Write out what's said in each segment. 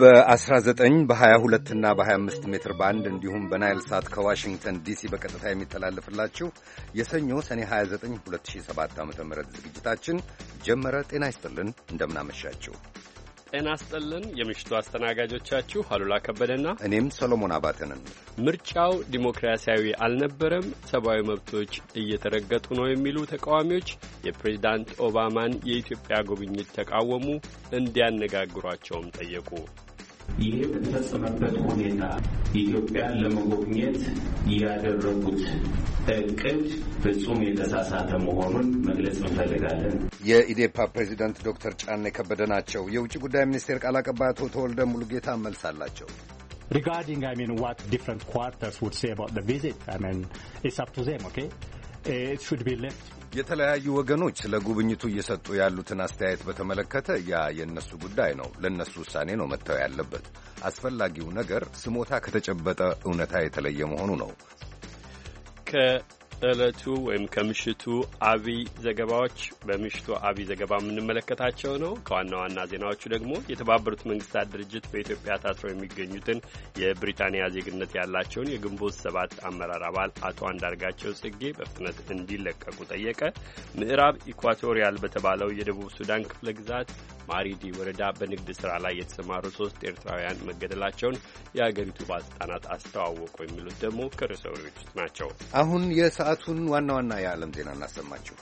በ19 በ22 እና በ25 ሜትር ባንድ እንዲሁም በናይል ሳት ከዋሽንግተን ዲሲ በቀጥታ የሚተላለፍላችሁ የሰኞ ሰኔ 29 2007 ዓ ም ዝግጅታችን ጀመረ። ጤና ይስጥልን፣ እንደምናመሻችሁ። ጤና ስጥልን የምሽቱ አስተናጋጆቻችሁ አሉላ ከበደና እኔም ሰሎሞን አባተ ምርጫው ዲሞክራሲያዊ አልነበረም፣ ሰብአዊ መብቶች እየተረገጡ ነው የሚሉ ተቃዋሚዎች የፕሬዚዳንት ኦባማን የኢትዮጵያ ጉብኝት ተቃወሙ፣ እንዲያነጋግሯቸውም ጠየቁ። ይህ በተፈጸመበት ሁኔታ ኢትዮጵያን ለመጎብኘት ያደረጉት እቅድ ፍጹም የተሳሳተ መሆኑን መግለጽ እንፈልጋለን። የኢዴፓ ፕሬዚደንት ዶክተር ጫኔ ከበደ ናቸው። የውጭ ጉዳይ ሚኒስቴር ቃል አቀባይ አቶ ተወልደ ሙሉጌታ መልስ አላቸው። regarding I mean what different quarters would say about the visit I mean it's up to them okay የተለያዩ ወገኖች ለጉብኝቱ እየሰጡ ያሉትን አስተያየት በተመለከተ ያ የእነሱ ጉዳይ ነው፣ ለእነሱ ውሳኔ ነው መጥተው ያለበት። አስፈላጊው ነገር ስሞታ ከተጨበጠ እውነታ የተለየ መሆኑ ነው። ዕለቱ ወይም ከምሽቱ አቢ ዘገባዎች በምሽቱ አቢ ዘገባ የምንመለከታቸው ነው። ከዋና ዋና ዜናዎቹ ደግሞ የተባበሩት መንግስታት ድርጅት በኢትዮጵያ ታስረው የሚገኙትን የብሪታንያ ዜግነት ያላቸውን የግንቦት ሰባት አመራር አባል አቶ አንዳርጋቸው ጽጌ በፍጥነት እንዲለቀቁ ጠየቀ። ምዕራብ ኢኳቶሪያል በተባለው የደቡብ ሱዳን ክፍለ ግዛት ማሪዲ ወረዳ በንግድ ስራ ላይ የተሰማሩ ሶስት ኤርትራውያን መገደላቸውን የአገሪቱ ባለስልጣናት አስተዋወቁ። የሚሉት ደግሞ ከርዕሰ ወሬዎች ውስጥ ናቸው። አሁን የሰዓቱን ዋና ዋና የዓለም ዜና እናሰማችሁ።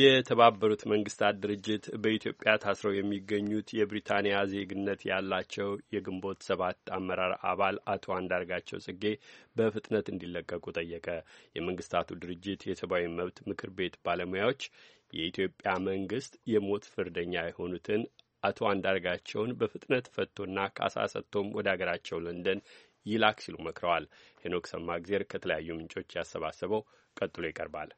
የተባበሩት መንግስታት ድርጅት በኢትዮጵያ ታስረው የሚገኙት የብሪታንያ ዜግነት ያላቸው የግንቦት ሰባት አመራር አባል አቶ አንዳርጋቸው ጽጌ በፍጥነት እንዲለቀቁ ጠየቀ። የመንግስታቱ ድርጅት የሰብአዊ መብት ምክር ቤት ባለሙያዎች የኢትዮጵያ መንግስት የሞት ፍርደኛ የሆኑትን አቶ አንዳርጋቸውን በፍጥነት ፈቶና ካሳ ሰጥቶም ወደ አገራቸው ለንደን ይላክ ሲሉ መክረዋል። ሄኖክ ሰማእግዜር ከተለያዩ ምንጮች ያሰባሰበው ቀጥሎ ይቀርባል።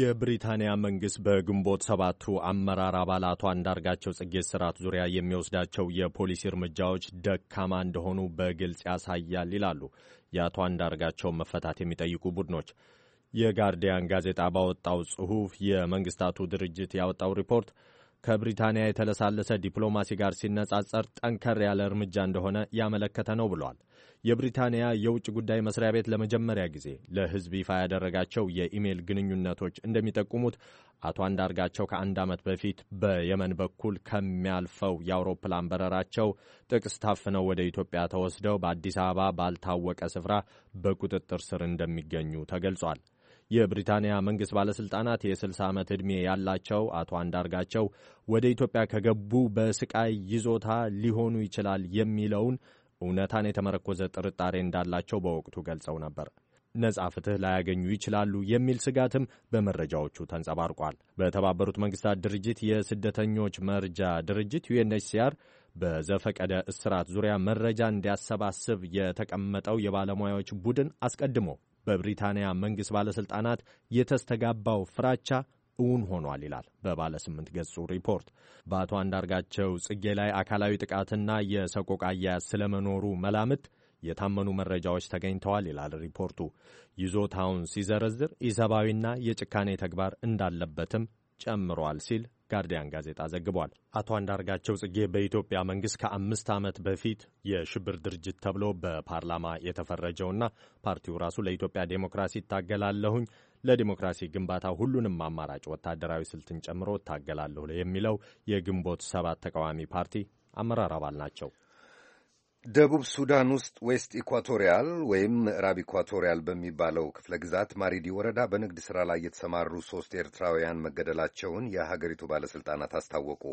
የብሪታንያ መንግሥት በግንቦት ሰባቱ አመራር አባላቱ አንዳርጋቸው ጽጌ ስርዓት ዙሪያ የሚወስዳቸው የፖሊሲ እርምጃዎች ደካማ እንደሆኑ በግልጽ ያሳያል ይላሉ የአቶ አንዳርጋቸውን መፈታት የሚጠይቁ ቡድኖች። የጋርዲያን ጋዜጣ ባወጣው ጽሑፍ የመንግስታቱ ድርጅት ያወጣው ሪፖርት ከብሪታንያ የተለሳለሰ ዲፕሎማሲ ጋር ሲነጻጸር ጠንከር ያለ እርምጃ እንደሆነ ያመለከተ ነው ብሏል። የብሪታንያ የውጭ ጉዳይ መስሪያ ቤት ለመጀመሪያ ጊዜ ለሕዝብ ይፋ ያደረጋቸው የኢሜይል ግንኙነቶች እንደሚጠቁሙት አቶ አንዳርጋቸው ከአንድ ዓመት በፊት በየመን በኩል ከሚያልፈው የአውሮፕላን በረራቸው ጥቅስ ታፍነው ወደ ኢትዮጵያ ተወስደው በአዲስ አበባ ባልታወቀ ስፍራ በቁጥጥር ስር እንደሚገኙ ተገልጿል። የብሪታንያ መንግሥት ባለሥልጣናት የ60 ዓመት ዕድሜ ያላቸው አቶ አንዳርጋቸው ወደ ኢትዮጵያ ከገቡ በስቃይ ይዞታ ሊሆኑ ይችላል የሚለውን እውነታን የተመረኮዘ ጥርጣሬ እንዳላቸው በወቅቱ ገልጸው ነበር። ነጻ ፍትህ ላያገኙ ይችላሉ የሚል ስጋትም በመረጃዎቹ ተንጸባርቋል። በተባበሩት መንግስታት ድርጅት የስደተኞች መርጃ ድርጅት ዩኤንኤችሲአር በዘፈቀደ እስራት ዙሪያ መረጃ እንዲያሰባስብ የተቀመጠው የባለሙያዎች ቡድን አስቀድሞ በብሪታንያ መንግሥት ባለሥልጣናት የተስተጋባው ፍራቻ እውን ሆኗል ይላል በባለ ስምንት ገጹ ሪፖርት። በአቶ አንዳርጋቸው ጽጌ ላይ አካላዊ ጥቃትና የሰቆቃ አያያዝ ስለመኖሩ መላምት የታመኑ መረጃዎች ተገኝተዋል ይላል ሪፖርቱ። ይዞታውን ሲዘረዝር ኢሰብአዊና የጭካኔ ተግባር እንዳለበትም ጨምሯል ሲል ጋርዲያን ጋዜጣ ዘግቧል። አቶ አንዳርጋቸው ጽጌ በኢትዮጵያ መንግሥት ከአምስት ዓመት በፊት የሽብር ድርጅት ተብሎ በፓርላማ የተፈረጀውና ፓርቲው ራሱ ለኢትዮጵያ ዴሞክራሲ ይታገላለሁኝ ለዲሞክራሲ ግንባታ ሁሉንም አማራጭ ወታደራዊ ስልትን ጨምሮ እታገላለሁ የሚለው የግንቦት ሰባት ተቃዋሚ ፓርቲ አመራር አባል ናቸው። ደቡብ ሱዳን ውስጥ ዌስት ኢኳቶሪያል ወይም ምዕራብ ኢኳቶሪያል በሚባለው ክፍለ ግዛት ማሪዲ ወረዳ በንግድ ሥራ ላይ የተሰማሩ ሦስት ኤርትራውያን መገደላቸውን የሀገሪቱ ባለሥልጣናት አስታወቁ።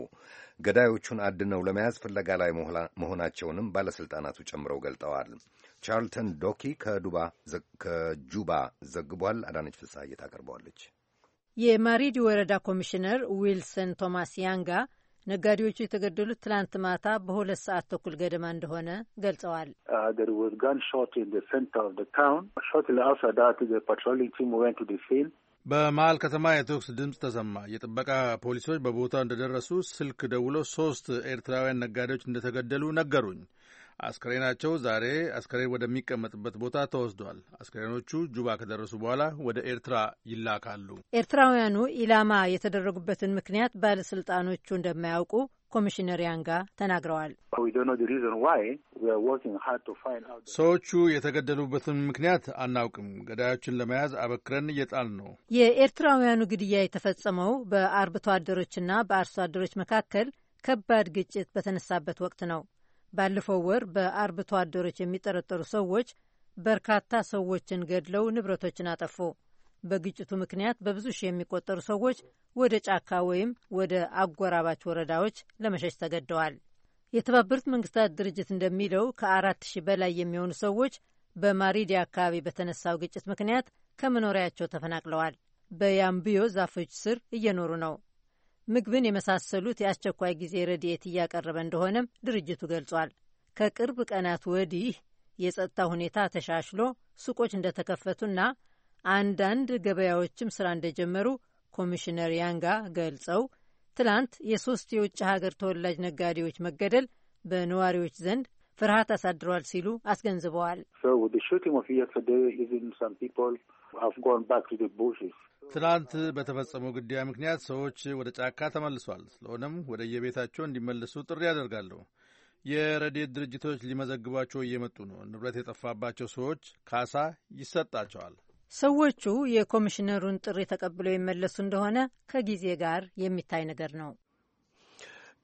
ገዳዮቹን አድነው ለመያዝ ፍለጋ ላይ መሆናቸውንም ባለሥልጣናቱ ጨምረው ገልጠዋል። ቻርልተን ዶኪ ከጁባ ዘግቧል። አዳነች ፍሳሐ ታቀርበዋለች። የማሪዲ ወረዳ ኮሚሽነር ዊልሰን ቶማስ ያንጋ ነጋዴዎቹ የተገደሉት ትላንት ማታ በሁለት ሰዓት ተኩል ገደማ እንደሆነ ገልጸዋል። uh, በመሀል ከተማ የተኩስ ድምፅ ተሰማ። የጥበቃ ፖሊሶች በቦታው እንደደረሱ ስልክ ደውለው ሶስት ኤርትራውያን ነጋዴዎች እንደተገደሉ ነገሩኝ። አስክሬናቸው ዛሬ አስክሬን ወደሚቀመጥበት ቦታ ተወስዷል። አስክሬኖቹ ጁባ ከደረሱ በኋላ ወደ ኤርትራ ይላካሉ። ኤርትራውያኑ ኢላማ የተደረጉበትን ምክንያት ባለስልጣኖቹ እንደማያውቁ ኮሚሽነር ያንጋ ተናግረዋል። ሰዎቹ የተገደሉበትን ምክንያት አናውቅም። ገዳዮችን ለመያዝ አበክረን እየጣል ነው። የኤርትራውያኑ ግድያ የተፈጸመው በአርብቶ አደሮችና በአርሶ አደሮች መካከል ከባድ ግጭት በተነሳበት ወቅት ነው። ባለፈው ወር በአርብቶ አደሮች የሚጠረጠሩ ሰዎች በርካታ ሰዎችን ገድለው ንብረቶችን አጠፉ። በግጭቱ ምክንያት በብዙ ሺህ የሚቆጠሩ ሰዎች ወደ ጫካ ወይም ወደ አጎራባች ወረዳዎች ለመሸሽ ተገደዋል። የተባበሩት መንግስታት ድርጅት እንደሚለው ከአራት ሺህ በላይ የሚሆኑ ሰዎች በማሪዲ አካባቢ በተነሳው ግጭት ምክንያት ከመኖሪያቸው ተፈናቅለዋል። በያምብዮ ዛፎች ስር እየኖሩ ነው። ምግብን የመሳሰሉት የአስቸኳይ ጊዜ ረድኤት እያቀረበ እንደሆነም ድርጅቱ ገልጿል። ከቅርብ ቀናት ወዲህ የጸጥታ ሁኔታ ተሻሽሎ ሱቆች እንደተከፈቱና አንዳንድ ገበያዎችም ስራ እንደጀመሩ ኮሚሽነር ያንጋ ገልጸው ትላንት የሶስት የውጭ ሀገር ተወላጅ ነጋዴዎች መገደል በነዋሪዎች ዘንድ ፍርሃት አሳድሯል ሲሉ አስገንዝበዋል። ትናንት በተፈጸመው ግድያ ምክንያት ሰዎች ወደ ጫካ ተመልሷል። ስለሆነም ወደ የቤታቸው እንዲመለሱ ጥሪ ያደርጋለሁ። የረድኤት ድርጅቶች ሊመዘግቧቸው እየመጡ ነው። ንብረት የጠፋባቸው ሰዎች ካሳ ይሰጣቸዋል። ሰዎቹ የኮሚሽነሩን ጥሪ ተቀብለው ይመለሱ እንደሆነ ከጊዜ ጋር የሚታይ ነገር ነው።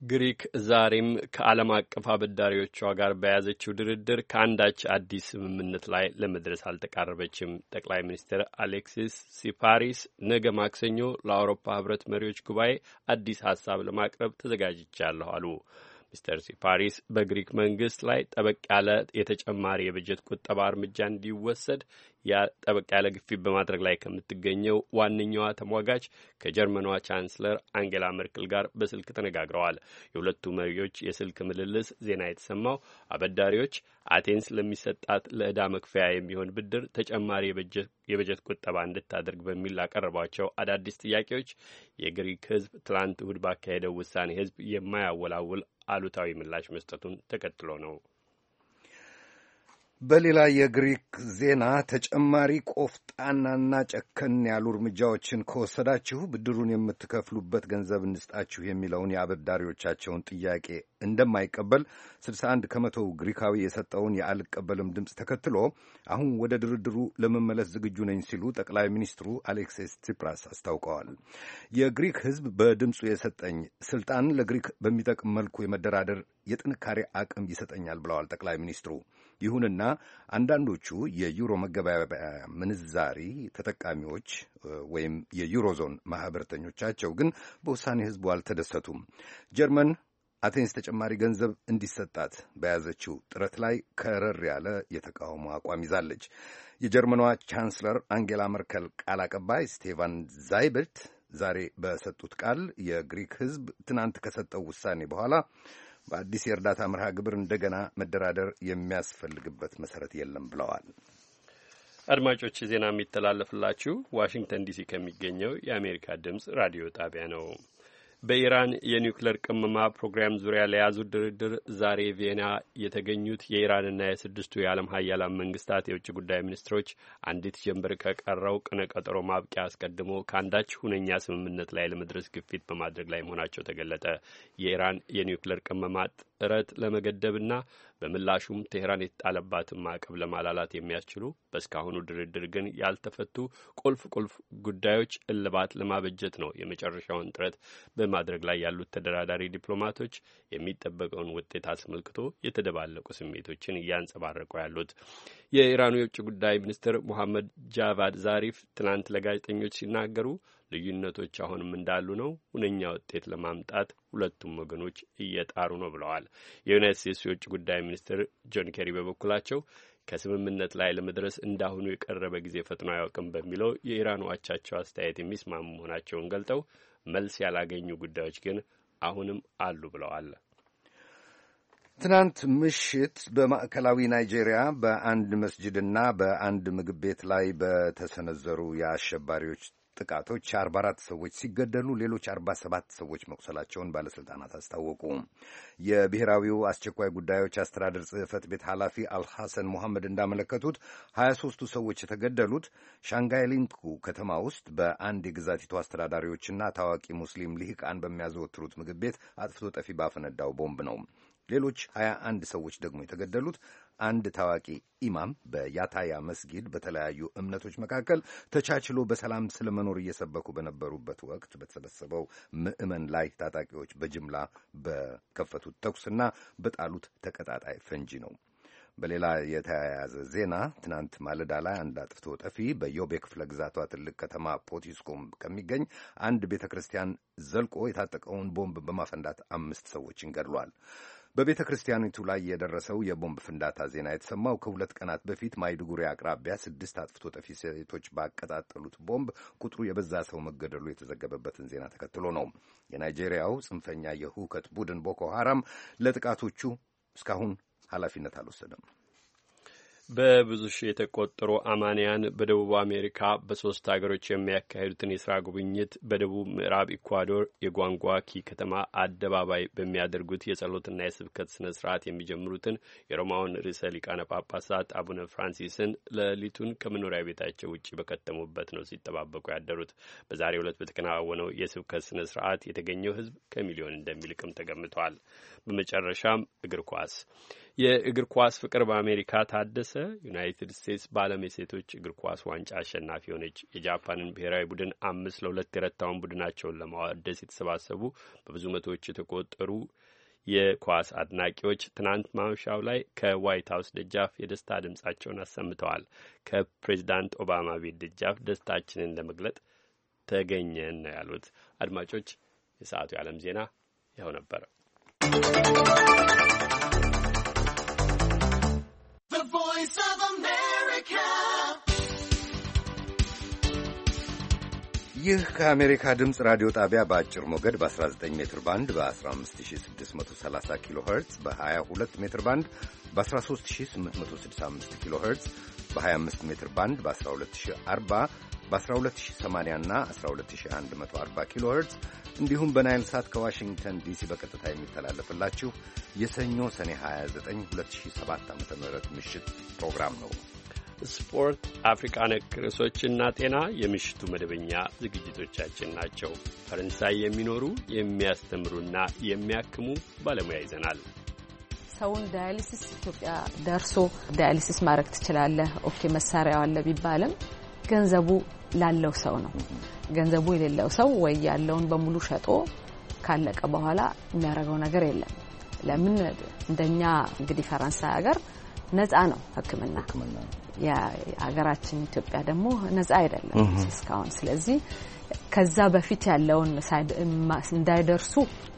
ግሪክ ዛሬም ከዓለም አቀፍ አበዳሪዎቿ ጋር በያዘችው ድርድር ከአንዳች አዲስ ስምምነት ላይ ለመድረስ አልተቃረበችም። ጠቅላይ ሚኒስትር አሌክሲስ ሲፓሪስ ነገ ማክሰኞ ለአውሮፓ ሕብረት መሪዎች ጉባኤ አዲስ ሀሳብ ለማቅረብ ተዘጋጅቻለሁ አሉ። ሚስተር ሲፓሪስ በግሪክ መንግስት ላይ ጠበቅ ያለ የተጨማሪ የበጀት ቁጠባ እርምጃ እንዲወሰድ ጠበቅ ያለ ግፊት በማድረግ ላይ ከምትገኘው ዋነኛዋ ተሟጋች ከጀርመኗ ቻንስለር አንጌላ መርክል ጋር በስልክ ተነጋግረዋል። የሁለቱ መሪዎች የስልክ ምልልስ ዜና የተሰማው አበዳሪዎች አቴንስ ለሚሰጣት ለዕዳ መክፈያ የሚሆን ብድር ተጨማሪ የበጀት ቁጠባ እንድታደርግ በሚል ላቀረቧቸው አዳዲስ ጥያቄዎች የግሪክ ሕዝብ ትላንት እሁድ ባካሄደው ውሳኔ ሕዝብ የማያወላውል አሉታዊ ምላሽ መስጠቱን ተከትሎ ነው። በሌላ የግሪክ ዜና ተጨማሪ ቆፍጣናና ጨከን ያሉ እርምጃዎችን ከወሰዳችሁ ብድሩን የምትከፍሉበት ገንዘብ እንስጣችሁ የሚለውን የአበዳሪዎቻቸውን ጥያቄ እንደማይቀበል 61 ከመቶው ግሪካዊ የሰጠውን የአልቀበልም ድምፅ ተከትሎ አሁን ወደ ድርድሩ ለመመለስ ዝግጁ ነኝ ሲሉ ጠቅላይ ሚኒስትሩ አሌክሲስ ቲፕራስ አስታውቀዋል። የግሪክ ሕዝብ በድምፁ የሰጠኝ ስልጣን ለግሪክ በሚጠቅም መልኩ የመደራደር የጥንካሬ አቅም ይሰጠኛል ብለዋል ጠቅላይ ሚኒስትሩ። ይሁንና አንዳንዶቹ የዩሮ መገበያያ ምንዛሪ ተጠቃሚዎች ወይም የዩሮ ዞን ማኅበርተኞቻቸው ግን በውሳኔ ህዝቡ አልተደሰቱም። ጀርመን አቴንስ ተጨማሪ ገንዘብ እንዲሰጣት በያዘችው ጥረት ላይ ከረር ያለ የተቃውሞ አቋም ይዛለች። የጀርመኗ ቻንስለር አንጌላ መርከል ቃል አቀባይ ስቴቫን ዛይበርት ዛሬ በሰጡት ቃል የግሪክ ህዝብ ትናንት ከሰጠው ውሳኔ በኋላ በአዲስ የእርዳታ መርሃ ግብር እንደገና መደራደር የሚያስፈልግበት መሰረት የለም ብለዋል። አድማጮች ዜና የሚተላለፍላችሁ ዋሽንግተን ዲሲ ከሚገኘው የአሜሪካ ድምፅ ራዲዮ ጣቢያ ነው። በኢራን የኒውክሌር ቅመማ ፕሮግራም ዙሪያ ለያዙት ድርድር ዛሬ ቪየና የተገኙት የኢራንና የስድስቱ የዓለም ሀያላን መንግስታት የውጭ ጉዳይ ሚኒስትሮች አንዲት ጀንበር ከቀረው ቅነቀጠሮ ቀጠሮ ማብቂያ አስቀድሞ ከአንዳች ሁነኛ ስምምነት ላይ ለመድረስ ግፊት በማድረግ ላይ መሆናቸው ተገለጠ። የኢራን የኒውክሌር ቅመማ ጥረት ለመገደብና በምላሹም ቴህራን የተጣለባትን ማዕቀብ ለማላላት የሚያስችሉ በእስካሁኑ ድርድር ግን ያልተፈቱ ቁልፍ ቁልፍ ጉዳዮች እልባት ለማበጀት ነው የመጨረሻውን ጥረት በማድረግ ላይ ያሉት ተደራዳሪ ዲፕሎማቶች የሚጠበቀውን ውጤት አስመልክቶ የተደባለቁ ስሜቶችን እያንጸባረቁ ያሉት። የኢራኑ የውጭ ጉዳይ ሚኒስትር ሙሐመድ ጃቫድ ዛሪፍ ትናንት ለጋዜጠኞች ሲናገሩ ልዩነቶች አሁንም እንዳሉ ነው። ሁነኛ ውጤት ለማምጣት ሁለቱም ወገኖች እየጣሩ ነው ብለዋል። የዩናይት ስቴትስ የውጭ ጉዳይ ሚኒስትር ጆን ኬሪ በበኩላቸው ከስምምነት ላይ ለመድረስ እንዳሁኑ የቀረበ ጊዜ ፈጥኖ አያውቅም በሚለው የኢራን ዋቻቸው አስተያየት የሚስማሙ መሆናቸውን ገልጠው መልስ ያላገኙ ጉዳዮች ግን አሁንም አሉ ብለዋል። ትናንት ምሽት በማዕከላዊ ናይጄሪያ በአንድ መስጅድና በአንድ ምግብ ቤት ላይ በተሰነዘሩ የአሸባሪዎች ጥቃቶች 44 ሰዎች ሲገደሉ ሌሎች 47 ሰዎች መቁሰላቸውን ባለሥልጣናት አስታወቁ። የብሔራዊው አስቸኳይ ጉዳዮች አስተዳደር ጽሕፈት ቤት ኃላፊ አልሐሰን ሙሐመድ እንዳመለከቱት 23ቱ ሰዎች የተገደሉት ሻንጋይሊንኩ ከተማ ውስጥ በአንድ የግዛቲቱ አስተዳዳሪዎችና ታዋቂ ሙስሊም ልሂቃን በሚያዘወትሩት ምግብ ቤት አጥፍቶ ጠፊ ባፈነዳው ቦምብ ነው። ሌሎች 21 ሰዎች ደግሞ የተገደሉት አንድ ታዋቂ ኢማም በያታያ መስጊድ በተለያዩ እምነቶች መካከል ተቻችሎ በሰላም ስለመኖር እየሰበኩ በነበሩበት ወቅት በተሰበሰበው ምዕመን ላይ ታጣቂዎች በጅምላ በከፈቱት ተኩስና በጣሉት ተቀጣጣይ ፈንጂ ነው። በሌላ የተያያዘ ዜና ትናንት ማለዳ ላይ አንድ አጥፍቶ ጠፊ በዮቤ ክፍለ ግዛቷ ትልቅ ከተማ ፖቲስኮም ከሚገኝ አንድ ቤተ ክርስቲያን ዘልቆ የታጠቀውን ቦምብ በማፈንዳት አምስት ሰዎችን ገድሏል። በቤተ ክርስቲያኒቱ ላይ የደረሰው የቦምብ ፍንዳታ ዜና የተሰማው ከሁለት ቀናት በፊት ማይድጉሪ አቅራቢያ ስድስት አጥፍቶ ጠፊ ሴቶች ባቀጣጠሉት ቦምብ ቁጥሩ የበዛ ሰው መገደሉ የተዘገበበትን ዜና ተከትሎ ነው። የናይጄሪያው ጽንፈኛ የሁከት ቡድን ቦኮ ሃራም ለጥቃቶቹ እስካሁን ኃላፊነት አልወሰደም። በብዙ ሺህ የተቆጠሩ አማንያን በደቡብ አሜሪካ በሶስት ሀገሮች የሚያካሂዱትን የስራ ጉብኝት በደቡብ ምዕራብ ኢኳዶር የጓንጓኪ ከተማ አደባባይ በሚያደርጉት የጸሎትና የስብከት ስነ ስርዓት የሚጀምሩትን የሮማውን ርዕሰ ሊቃነ ጳጳሳት አቡነ ፍራንሲስን ሌሊቱን ከመኖሪያ ቤታቸው ውጭ በከተሙበት ነው ሲጠባበቁ ያደሩት። በዛሬው ዕለት በተከናወነው የስብከት ስነ ስርዓት የተገኘው ህዝብ ከሚሊዮን እንደሚልቅም ተገምቷል። በመጨረሻም እግር ኳስ የእግር ኳስ ፍቅር በአሜሪካ ታደሰ። ዩናይትድ ስቴትስ በዓለም የሴቶች እግር ኳስ ዋንጫ አሸናፊ ሆነች። የጃፓንን ብሔራዊ ቡድን አምስት ለሁለት የረታውን ቡድናቸውን ለማወደስ የተሰባሰቡ በብዙ መቶዎች የተቆጠሩ የኳስ አድናቂዎች ትናንት ማምሻው ላይ ከዋይት ሀውስ ደጃፍ የደስታ ድምጻቸውን አሰምተዋል። ከፕሬዚዳንት ኦባማ ቤት ደጃፍ ደስታችንን ለመግለጥ ተገኘን ነው ያሉት። አድማጮች፣ የሰዓቱ የዓለም ዜና ይኸው ነበረ። ይህ ከአሜሪካ ድምፅ ራዲዮ ጣቢያ በአጭር ሞገድ በ19 ሜትር ባንድ በ15630 ኪሎ ኸርትዝ በ22 ሜትር ባንድ በ13865 ኪሎ ኸርትዝ በ25 ሜትር ባንድ በ 1240 በ12080 እና 12140 ኪሎ ኸርትዝ እንዲሁም በናይል ሳት ከዋሽንግተን ዲሲ በቀጥታ የሚተላለፍላችሁ የሰኞ ሰኔ 29 2007 ዓ ም ምሽት ፕሮግራም ነው። ስፖርት፣ አፍሪካ ነክ ርዕሶችና ጤና የምሽቱ መደበኛ ዝግጅቶቻችን ናቸው። ፈረንሳይ የሚኖሩ የሚያስተምሩና የሚያክሙ ባለሙያ ይዘናል። ሰውን ዳያሊሲስ ኢትዮጵያ ደርሶ ዳያሊሲስ ማድረግ ትችላለህ፣ ኦኬ መሳሪያው አለ ቢባልም ገንዘቡ ላለው ሰው ነው። ገንዘቡ የሌለው ሰው ወይ ያለውን በሙሉ ሸጦ ካለቀ በኋላ የሚያደርገው ነገር የለም። ለምን እንደኛ እንግዲህ ፈረንሳይ ሀገር ነፃ ነው ሕክምና የሀገራችን ኢትዮጵያ ደግሞ ነጻ አይደለም እስካሁን። ስለዚህ ከዛ በፊት ያለውን እንዳይደርሱ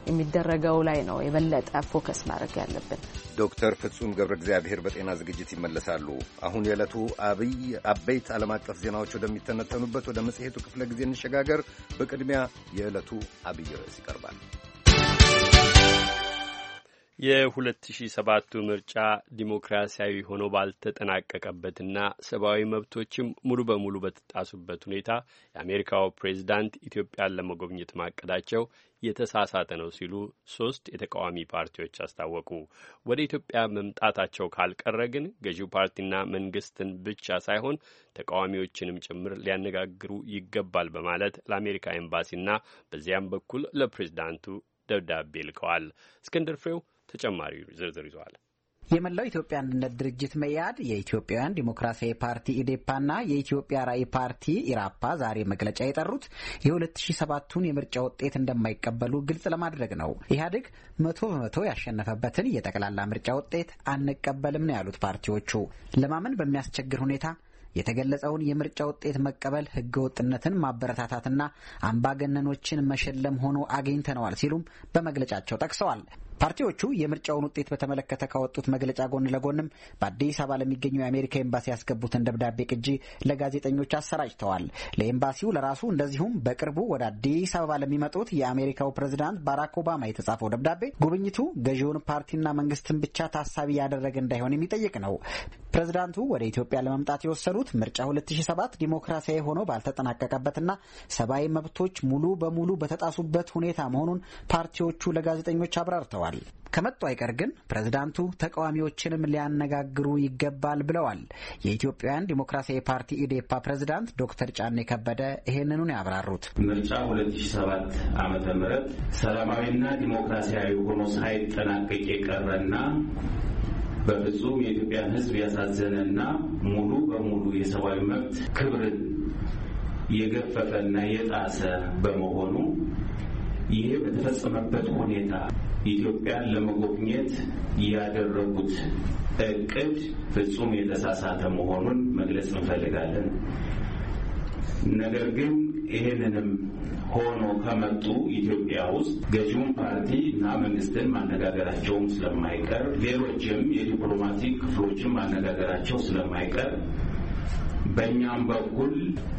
የሚደረገው ላይ ነው የበለጠ ፎከስ ማድረግ ያለብን። ዶክተር ፍጹም ገብረ እግዚአብሔር በጤና ዝግጅት ይመለሳሉ። አሁን የዕለቱ አብይ አበይት ዓለም አቀፍ ዜናዎች ወደሚተነተኑበት ወደ መጽሔቱ ክፍለ ጊዜ እንሸጋገር። በቅድሚያ የዕለቱ አብይ ርዕስ ይቀርባል። የ2007ቱ ምርጫ ዲሞክራሲያዊ ሆኖ ባልተጠናቀቀበትና ሰብአዊ መብቶችም ሙሉ በሙሉ በተጣሱበት ሁኔታ የአሜሪካው ፕሬዚዳንት ኢትዮጵያን ለመጎብኘት ማቀዳቸው የተሳሳተ ነው ሲሉ ሶስት የተቃዋሚ ፓርቲዎች አስታወቁ። ወደ ኢትዮጵያ መምጣታቸው ካልቀረ ግን ገዢው ፓርቲና መንግስትን ብቻ ሳይሆን ተቃዋሚዎችንም ጭምር ሊያነጋግሩ ይገባል በማለት ለአሜሪካ ኤምባሲና በዚያም በኩል ለፕሬዚዳንቱ ደብዳቤ ልከዋል። እስክንድር ፍሬው ተጨማሪ ዝርዝር ይዘዋል። የመላው ኢትዮጵያ አንድነት ድርጅት መያድ የኢትዮጵያውያን ዲሞክራሲያዊ ፓርቲ ኢዴፓና የኢትዮጵያ ራዕይ ፓርቲ ኢራፓ ዛሬ መግለጫ የጠሩት የ2007ቱን የምርጫ ውጤት እንደማይቀበሉ ግልጽ ለማድረግ ነው። ኢህአዴግ መቶ በመቶ ያሸነፈበትን የጠቅላላ ምርጫ ውጤት አንቀበልም ነው ያሉት ፓርቲዎቹ። ለማመን በሚያስቸግር ሁኔታ የተገለጸውን የምርጫ ውጤት መቀበል ህገወጥነትን ማበረታታትና አምባገነኖችን መሸለም ሆኖ አግኝተነዋል ሲሉም በመግለጫቸው ጠቅሰዋል። ፓርቲዎቹ የምርጫውን ውጤት በተመለከተ ካወጡት መግለጫ ጎን ለጎንም በአዲስ አበባ ለሚገኙ የአሜሪካ ኤምባሲ ያስገቡትን ደብዳቤ ቅጂ ለጋዜጠኞች አሰራጭተዋል። ለኤምባሲው ለራሱ እንደዚሁም በቅርቡ ወደ አዲስ አበባ ለሚመጡት የአሜሪካው ፕሬዝዳንት ባራክ ኦባማ የተጻፈው ደብዳቤ ጉብኝቱ ገዢውን ፓርቲና መንግስትን ብቻ ታሳቢ ያደረገ እንዳይሆን የሚጠይቅ ነው። ፕሬዝዳንቱ ወደ ኢትዮጵያ ለመምጣት የወሰኑት ምርጫ 2007 ዲሞክራሲያዊ ሆኖ ባልተጠናቀቀበትና ሰብአዊ መብቶች ሙሉ በሙሉ በተጣሱበት ሁኔታ መሆኑን ፓርቲዎቹ ለጋዜጠኞች አብራርተዋል። ተናግረዋል። ከመጡ አይቀር ግን ፕሬዝዳንቱ ተቃዋሚዎችንም ሊያነጋግሩ ይገባል ብለዋል። የኢትዮጵያውያን ዲሞክራሲያዊ ፓርቲ ኢዴፓ ፕሬዝዳንት ዶክተር ጫኔ ከበደ ይህንኑን ያብራሩት ምርጫ 2007 ዓመተ ምህረት ሰላማዊና ዲሞክራሲያዊ ሆኖ ሳይጠናቀቅ የቀረና በፍጹም የኢትዮጵያን ሕዝብ ያሳዘነና ሙሉ በሙሉ የሰብአዊ መብት ክብርን የገፈፈና የጣሰ በመሆኑ ይህ በተፈጸመበት ሁኔታ ኢትዮጵያን ለመጎብኘት ያደረጉት እቅድ ፍጹም የተሳሳተ መሆኑን መግለጽ እንፈልጋለን። ነገር ግን ይህንንም ሆኖ ከመጡ ኢትዮጵያ ውስጥ ገዢውን ፓርቲ እና መንግስትን ማነጋገራቸውም ስለማይቀር ሌሎችም የዲፕሎማቲክ ክፍሎችን ማነጋገራቸው ስለማይቀር በእኛም በኩል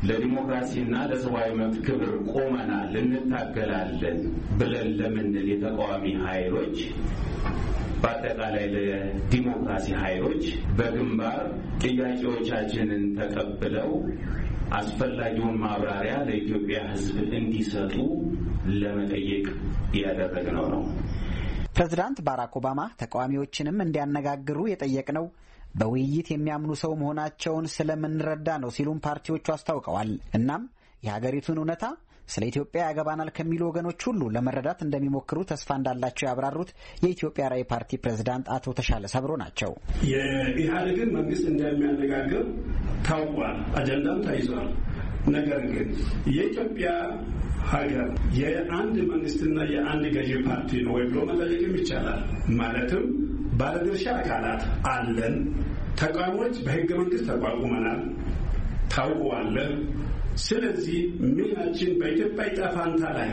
ለዲሞክራሲና ለሰብአዊ መብት ክብር ቆመናል፣ እንታገላለን ብለን ለምንል የተቃዋሚ ኃይሎች በአጠቃላይ ለዲሞክራሲ ኃይሎች በግንባር ጥያቄዎቻችንን ተቀብለው አስፈላጊውን ማብራሪያ ለኢትዮጵያ ሕዝብ እንዲሰጡ ለመጠየቅ ያደረግነው ነው። ፕሬዚዳንት ባራክ ኦባማ ተቃዋሚዎችንም እንዲያነጋግሩ የጠየቅነው በውይይት የሚያምኑ ሰው መሆናቸውን ስለምንረዳ ነው ሲሉም ፓርቲዎቹ አስታውቀዋል። እናም የሀገሪቱን እውነታ ስለ ኢትዮጵያ ያገባናል ከሚሉ ወገኖች ሁሉ ለመረዳት እንደሚሞክሩ ተስፋ እንዳላቸው ያብራሩት የኢትዮጵያ ራዕይ ፓርቲ ፕሬዝዳንት አቶ ተሻለ ሰብሮ ናቸው። የኢህአዴግን መንግስት እንደሚያነጋግር ታውቋል። አጀንዳም ተይዟል። ነገር ግን የኢትዮጵያ ሀገር የአንድ መንግስትና የአንድ ገዢ ፓርቲ ነው ወይ ብሎ መጠየቅም ይቻላል። ማለትም ባለድርሻ አካላት አለን፣ ተቃዋሚዎች በህገ መንግስት ተቋቁመናል ታውቋለን። ስለዚህ ሚናችን በኢትዮጵያ ዕጣ ፈንታ ላይ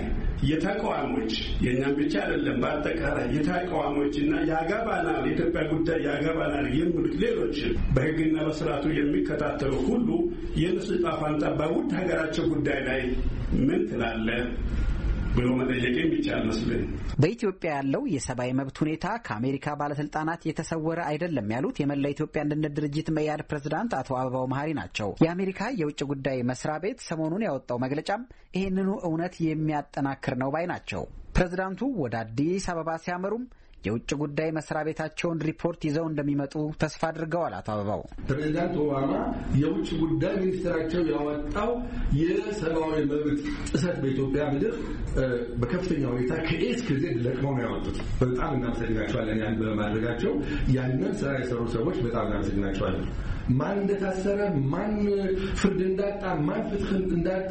የተቃዋሞች የእኛም ብቻ አይደለም፣ በአጠቃላይ የተቃዋሞች እና የአገባናል የኢትዮጵያ ጉዳይ ያገባናል የሚሉ ሌሎች በህግና በስርዓቱ የሚከታተሉ ሁሉ የእነሱ ዕጣ ፈንታ በውድ ሀገራቸው ጉዳይ ላይ ምን ትላለህ? ብሎ መጠየቅ የሚቻል መስሎኝ። በኢትዮጵያ ያለው የሰብአዊ መብት ሁኔታ ከአሜሪካ ባለስልጣናት የተሰወረ አይደለም ያሉት የመላ ኢትዮጵያ አንድነት ድርጅት መያድ ፕሬዝዳንት አቶ አበባው መሀሪ ናቸው። የአሜሪካ የውጭ ጉዳይ መስሪያ ቤት ሰሞኑን ያወጣው መግለጫም ይህንኑ እውነት የሚያጠናክር ነው ባይ ናቸው። ፕሬዝዳንቱ ወደ አዲስ አበባ ሲያመሩም የውጭ ጉዳይ መስሪያ ቤታቸውን ሪፖርት ይዘው እንደሚመጡ ተስፋ አድርገዋል። አቶ አበባው ፕሬዚዳንት ኦባማ የውጭ ጉዳይ ሚኒስትራቸው ያወጣው የሰብአዊ መብት ጥሰት በኢትዮጵያ ምድር በከፍተኛ ሁኔታ ከኤስ ጊዜ ለቅመው ነው ያወጡት። በጣም እናመሰግናቸዋለን። ያን በማድረጋቸው ያንን ስራ የሰሩ ሰዎች በጣም እናመሰግናቸዋለን። ማን እንደታሰረ፣ ማን ፍርድ እንዳጣ፣ ማን ፍትህ እንዳጣ፣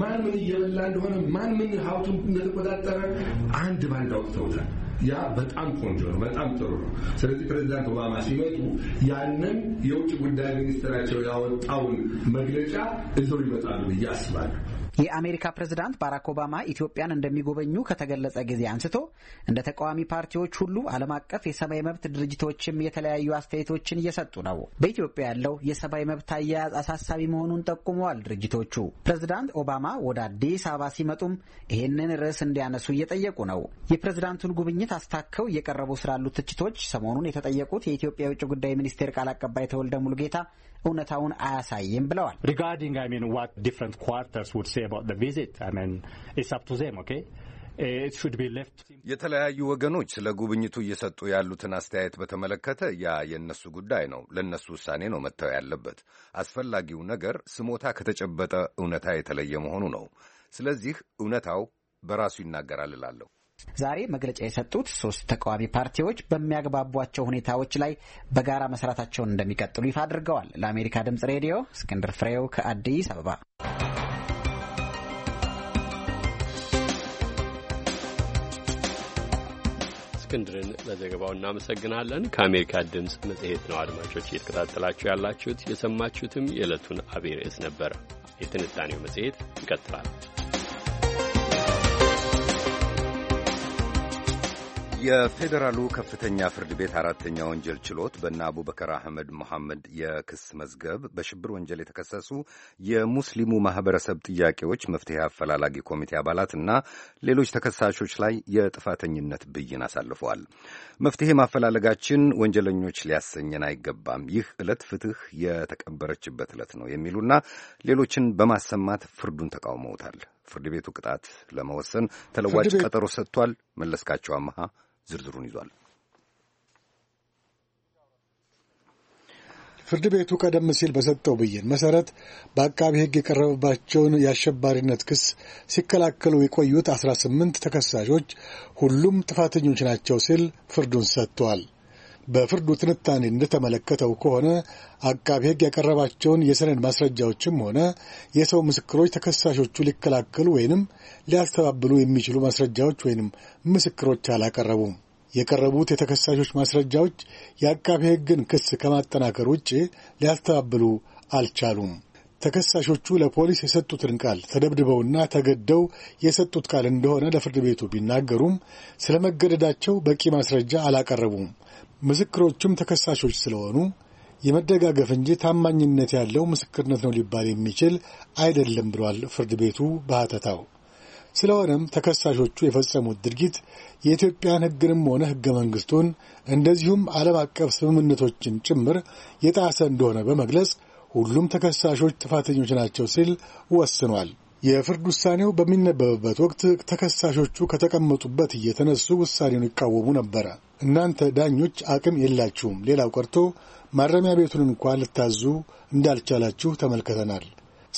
ማን ምን እየበላ እንደሆነ፣ ማን ምን ሀብቱን እንደተቆጣጠረ አንድ ባንድ አውጥተውታል። ያ በጣም ቆንጆ ነው፣ በጣም ጥሩ ነው። ስለዚህ ፕሬዚዳንት ኦባማ ሲመጡ ያንን የውጭ ጉዳይ ሚኒስትራቸው ያወጣውን መግለጫ እዘው ይመጣሉ ብዬ አስባለሁ። የአሜሪካ ፕሬዝዳንት ባራክ ኦባማ ኢትዮጵያን እንደሚጎበኙ ከተገለጸ ጊዜ አንስቶ እንደ ተቃዋሚ ፓርቲዎች ሁሉ ዓለም አቀፍ የሰብአዊ መብት ድርጅቶችም የተለያዩ አስተያየቶችን እየሰጡ ነው። በኢትዮጵያ ያለው የሰብአዊ መብት አያያዝ አሳሳቢ መሆኑን ጠቁመዋል ድርጅቶቹ። ፕሬዝዳንት ኦባማ ወደ አዲስ አበባ ሲመጡም ይህንን ርዕስ እንዲያነሱ እየጠየቁ ነው። የፕሬዝዳንቱን ጉብኝት አስታከው እየቀረቡ ስላሉ ትችቶች ሰሞኑን የተጠየቁት የኢትዮጵያ የውጭ ጉዳይ ሚኒስቴር ቃል አቀባይ ተወልደ ሙሉጌታ እውነታውን አያሳይም ብለዋል። eh, የተለያዩ ወገኖች ስለ ጉብኝቱ እየሰጡ ያሉትን አስተያየት በተመለከተ ያ የእነሱ ጉዳይ ነው፣ ለእነሱ ውሳኔ ነው መጥተው ያለበት። አስፈላጊው ነገር ስሞታ ከተጨበጠ እውነታ የተለየ መሆኑ ነው። ስለዚህ እውነታው በራሱ ይናገራል እላለሁ። ዛሬ መግለጫ የሰጡት ሶስት ተቃዋሚ ፓርቲዎች በሚያግባቧቸው ሁኔታዎች ላይ በጋራ መስራታቸውን እንደሚቀጥሉ ይፋ አድርገዋል። ለአሜሪካ ድምጽ ሬዲዮ እስክንድር ፍሬው ከአዲስ አበባ። እስክንድርን ለዘገባው እናመሰግናለን። ከአሜሪካ ድምፅ መጽሔት ነው አድማጮች እየተከታተላችሁ ያላችሁት። የሰማችሁትም የዕለቱን አብይ ርዕስ ነበር። የትንታኔው መጽሔት ይቀጥላል። የፌዴራሉ ከፍተኛ ፍርድ ቤት አራተኛ ወንጀል ችሎት በእነ አቡበከር አህመድ መሐመድ የክስ መዝገብ በሽብር ወንጀል የተከሰሱ የሙስሊሙ ማህበረሰብ ጥያቄዎች መፍትሄ አፈላላጊ ኮሚቴ አባላት እና ሌሎች ተከሳሾች ላይ የጥፋተኝነት ብይን አሳልፈዋል። መፍትሄ ማፈላለጋችን ወንጀለኞች ሊያሰኘን አይገባም፣ ይህ ዕለት ፍትህ የተቀበረችበት ዕለት ነው የሚሉና ሌሎችን በማሰማት ፍርዱን ተቃውመውታል። ፍርድ ቤቱ ቅጣት ለመወሰን ተለዋጭ ቀጠሮ ሰጥቷል። መለስካቸው አመሃ ዝርዝሩን ይዟል። ፍርድ ቤቱ ቀደም ሲል በሰጠው ብይን መሰረት በአቃቢ ሕግ የቀረበባቸውን የአሸባሪነት ክስ ሲከላከሉ የቆዩት አስራ ስምንት ተከሳሾች ሁሉም ጥፋተኞች ናቸው ሲል ፍርዱን ሰጥቷል። በፍርዱ ትንታኔ እንደተመለከተው ከሆነ አቃቤ ሕግ ያቀረባቸውን የሰነድ ማስረጃዎችም ሆነ የሰው ምስክሮች ተከሳሾቹ ሊከላከሉ ወይንም ሊያስተባብሉ የሚችሉ ማስረጃዎች ወይንም ምስክሮች አላቀረቡም። የቀረቡት የተከሳሾች ማስረጃዎች የአቃቤ ሕግን ክስ ከማጠናከር ውጭ ሊያስተባብሉ አልቻሉም። ተከሳሾቹ ለፖሊስ የሰጡትን ቃል ተደብድበውና ተገደው የሰጡት ቃል እንደሆነ ለፍርድ ቤቱ ቢናገሩም ስለ መገደዳቸው በቂ ማስረጃ አላቀረቡም። ምስክሮቹም ተከሳሾች ስለሆኑ የመደጋገፍ እንጂ ታማኝነት ያለው ምስክርነት ነው ሊባል የሚችል አይደለም ብሏል ፍርድ ቤቱ በሐተታው። ስለሆነም ተከሳሾቹ የፈጸሙት ድርጊት የኢትዮጵያን ሕግንም ሆነ ሕገ መንግሥቱን እንደዚሁም ዓለም አቀፍ ስምምነቶችን ጭምር የጣሰ እንደሆነ በመግለጽ ሁሉም ተከሳሾች ጥፋተኞች ናቸው ሲል ወስኗል። የፍርድ ውሳኔው በሚነበብበት ወቅት ተከሳሾቹ ከተቀመጡበት እየተነሱ ውሳኔውን ይቃወሙ ነበረ። እናንተ ዳኞች አቅም የላችሁም፣ ሌላው ቀርቶ ማረሚያ ቤቱን እንኳ ልታዙ እንዳልቻላችሁ ተመልክተናል።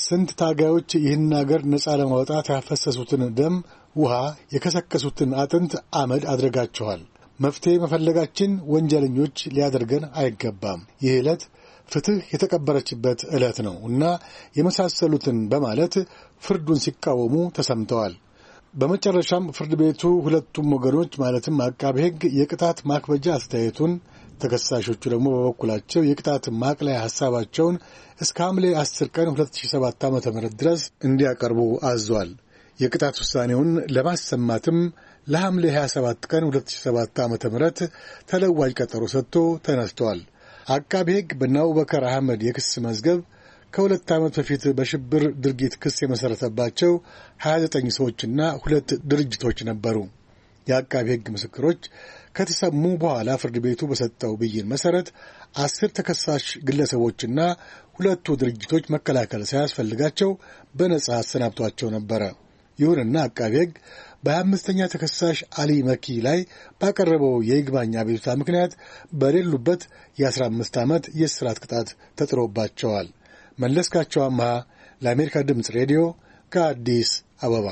ስንት ታጋዮች ይህን አገር ነፃ ለማውጣት ያፈሰሱትን ደም፣ ውሃ፣ የከሰከሱትን አጥንት አመድ አድርጋችኋል። መፍትሔ መፈለጋችን ወንጀለኞች ሊያደርገን አይገባም። ይህ ዕለት ፍትህ የተቀበረችበት ዕለት ነው እና የመሳሰሉትን በማለት ፍርዱን ሲቃወሙ ተሰምተዋል። በመጨረሻም ፍርድ ቤቱ ሁለቱም ወገኖች ማለትም አቃቤ ሕግ የቅጣት ማክበጃ አስተያየቱን፣ ተከሳሾቹ ደግሞ በበኩላቸው የቅጣት ማቅለያ ሐሳባቸውን እስከ ሐምሌ 10 ቀን 2007 ዓ ም ድረስ እንዲያቀርቡ አዟል። የቅጣት ውሳኔውን ለማሰማትም ለሐምሌ 27 ቀን 2007 ዓ ም ተለዋጅ ቀጠሮ ሰጥቶ ተነስተዋል። አቃቤ ሕግ በእነ አቡበከር አህመድ የክስ መዝገብ ከሁለት ዓመት በፊት በሽብር ድርጊት ክስ የመሠረተባቸው 29 ሰዎችና ሁለት ድርጅቶች ነበሩ። የአቃቢ ሕግ ምስክሮች ከተሰሙ በኋላ ፍርድ ቤቱ በሰጠው ብይን መሠረት አስር ተከሳሽ ግለሰቦችና ሁለቱ ድርጅቶች መከላከል ሳያስፈልጋቸው በነጻ አሰናብቷቸው ነበረ። ይሁንና አቃቤ ሕግ በአምስተኛ ተከሳሽ አሊ መኪ ላይ ባቀረበው የይግባኝ አቤቱታ ምክንያት በሌሉበት የ15 ዓመት የእስራት ቅጣት ተጥሮባቸዋል። መለስካቸው አምሃ ለአሜሪካ ድምፅ ሬዲዮ ከአዲስ አበባ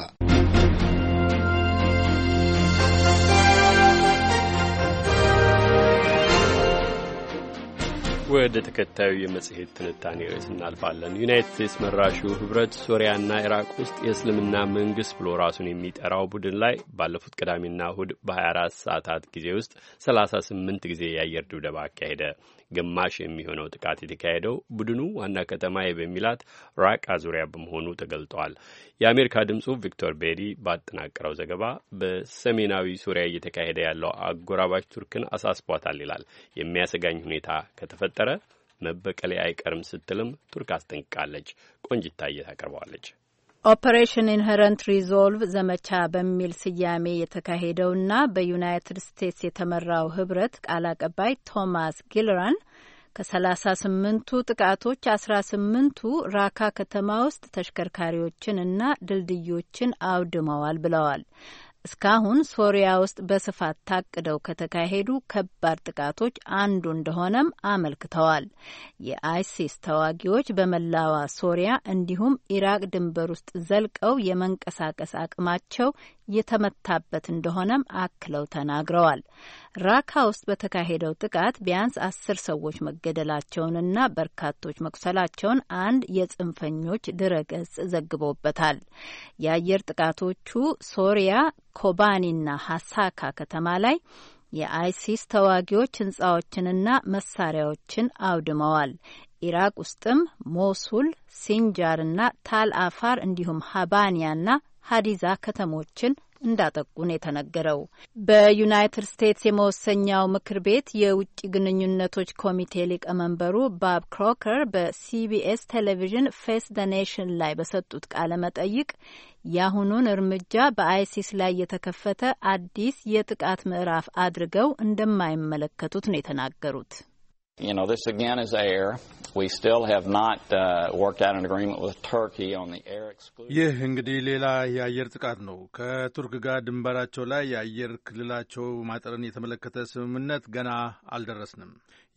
ወደ ተከታዩ የመጽሔት ትንታኔ ርዕስ እናልፋለን። ዩናይትድ ስቴትስ መራሹ ህብረት ሶሪያና ኢራቅ ውስጥ የእስልምና መንግስት ብሎ ራሱን የሚጠራው ቡድን ላይ ባለፉት ቅዳሜና እሁድ በ24 ሰዓታት ጊዜ ውስጥ 38 ጊዜ የአየር ድብደባ አካሄደ። ግማሽ የሚሆነው ጥቃት የተካሄደው ቡድኑ ዋና ከተማ በሚላት ራቃ ዙሪያ በመሆኑ ተገልጧል። የአሜሪካ ድምፁ ቪክቶር ቤሪ ባጠናቀረው ዘገባ በሰሜናዊ ሱሪያ እየተካሄደ ያለው አጎራባች ቱርክን አሳስቧታል ይላል። የሚያሰጋኝ ሁኔታ ከተፈጠረ መበቀሌ አይቀርም ስትልም ቱርክ አስጠንቅቃለች። ቆንጅታዬ ታቀርበዋለች። ኦፐሬሽን ኢንሄረንት ሪዞልቭ ዘመቻ በሚል ስያሜ የተካሄደውና በዩናይትድ ስቴትስ የተመራው ህብረት ቃል አቀባይ ቶማስ ጊልራን ከሰላሳ ስምንቱ ጥቃቶች አስራ ስምንቱ ራካ ከተማ ውስጥ ተሽከርካሪዎችን እና ድልድዮችን አውድመዋል ብለዋል። እስካሁን ሶሪያ ውስጥ በስፋት ታቅደው ከተካሄዱ ከባድ ጥቃቶች አንዱ እንደሆነም አመልክተዋል። የአይሲስ ተዋጊዎች በመላዋ ሶሪያ እንዲሁም ኢራቅ ድንበር ውስጥ ዘልቀው የመንቀሳቀስ አቅማቸው የተመታበት እንደሆነም አክለው ተናግረዋል። ራካ ውስጥ በተካሄደው ጥቃት ቢያንስ አስር ሰዎች መገደላቸውንና በርካቶች መቁሰላቸውን አንድ የጽንፈኞች ድረገጽ ዘግቦበታል። የአየር ጥቃቶቹ ሶሪያ ኮባኒና ሀሳካ ከተማ ላይ የአይሲስ ተዋጊዎች ህንጻዎችንና መሳሪያዎችን አውድመዋል። ኢራቅ ውስጥም ሞሱል፣ ሲንጃርና ታል አፋር እንዲሁም ና ሀዲዛ ከተሞችን እንዳጠቁ ነው የተነገረው። በዩናይትድ ስቴትስ የመወሰኛው ምክር ቤት የውጭ ግንኙነቶች ኮሚቴ ሊቀመንበሩ ባብ ክሮከር በሲቢኤስ ቴሌቪዥን ፌስ ደ ኔሽን ላይ በሰጡት ቃለ መጠይቅ የአሁኑን እርምጃ በአይሲስ ላይ የተከፈተ አዲስ የጥቃት ምዕራፍ አድርገው እንደማይመለከቱት ነው የተናገሩት። You know, this again is air. We still have not uh, worked out an agreement with Turkey on the air exclusion. ይህ እንግዲህ ሌላ የአየር ጥቃት ነው። ከቱርክ ጋር ድንበራቸው ላይ የአየር ክልላቸው ማጠርን የተመለከተ ስምምነት ገና አልደረስንም።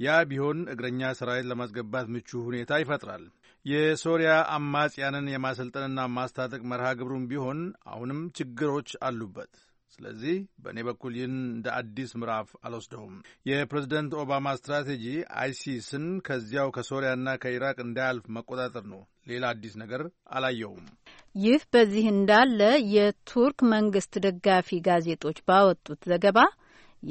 ያ ቢሆን እግረኛ ሰራዊት ለማስገባት ምቹ ሁኔታ ይፈጥራል። የሶሪያ አማጽያንን የማሰልጠንና ማስታጠቅ መርሃ ግብሩም ቢሆን አሁንም ችግሮች አሉበት። ስለዚህ በእኔ በኩል ይህን እንደ አዲስ ምዕራፍ አልወስደውም። የፕሬዝደንት ኦባማ ስትራቴጂ አይሲስን ከዚያው ከሶሪያና ከኢራቅ እንዳያልፍ መቆጣጠር ነው። ሌላ አዲስ ነገር አላየውም። ይህ በዚህ እንዳለ የቱርክ መንግስት ደጋፊ ጋዜጦች ባወጡት ዘገባ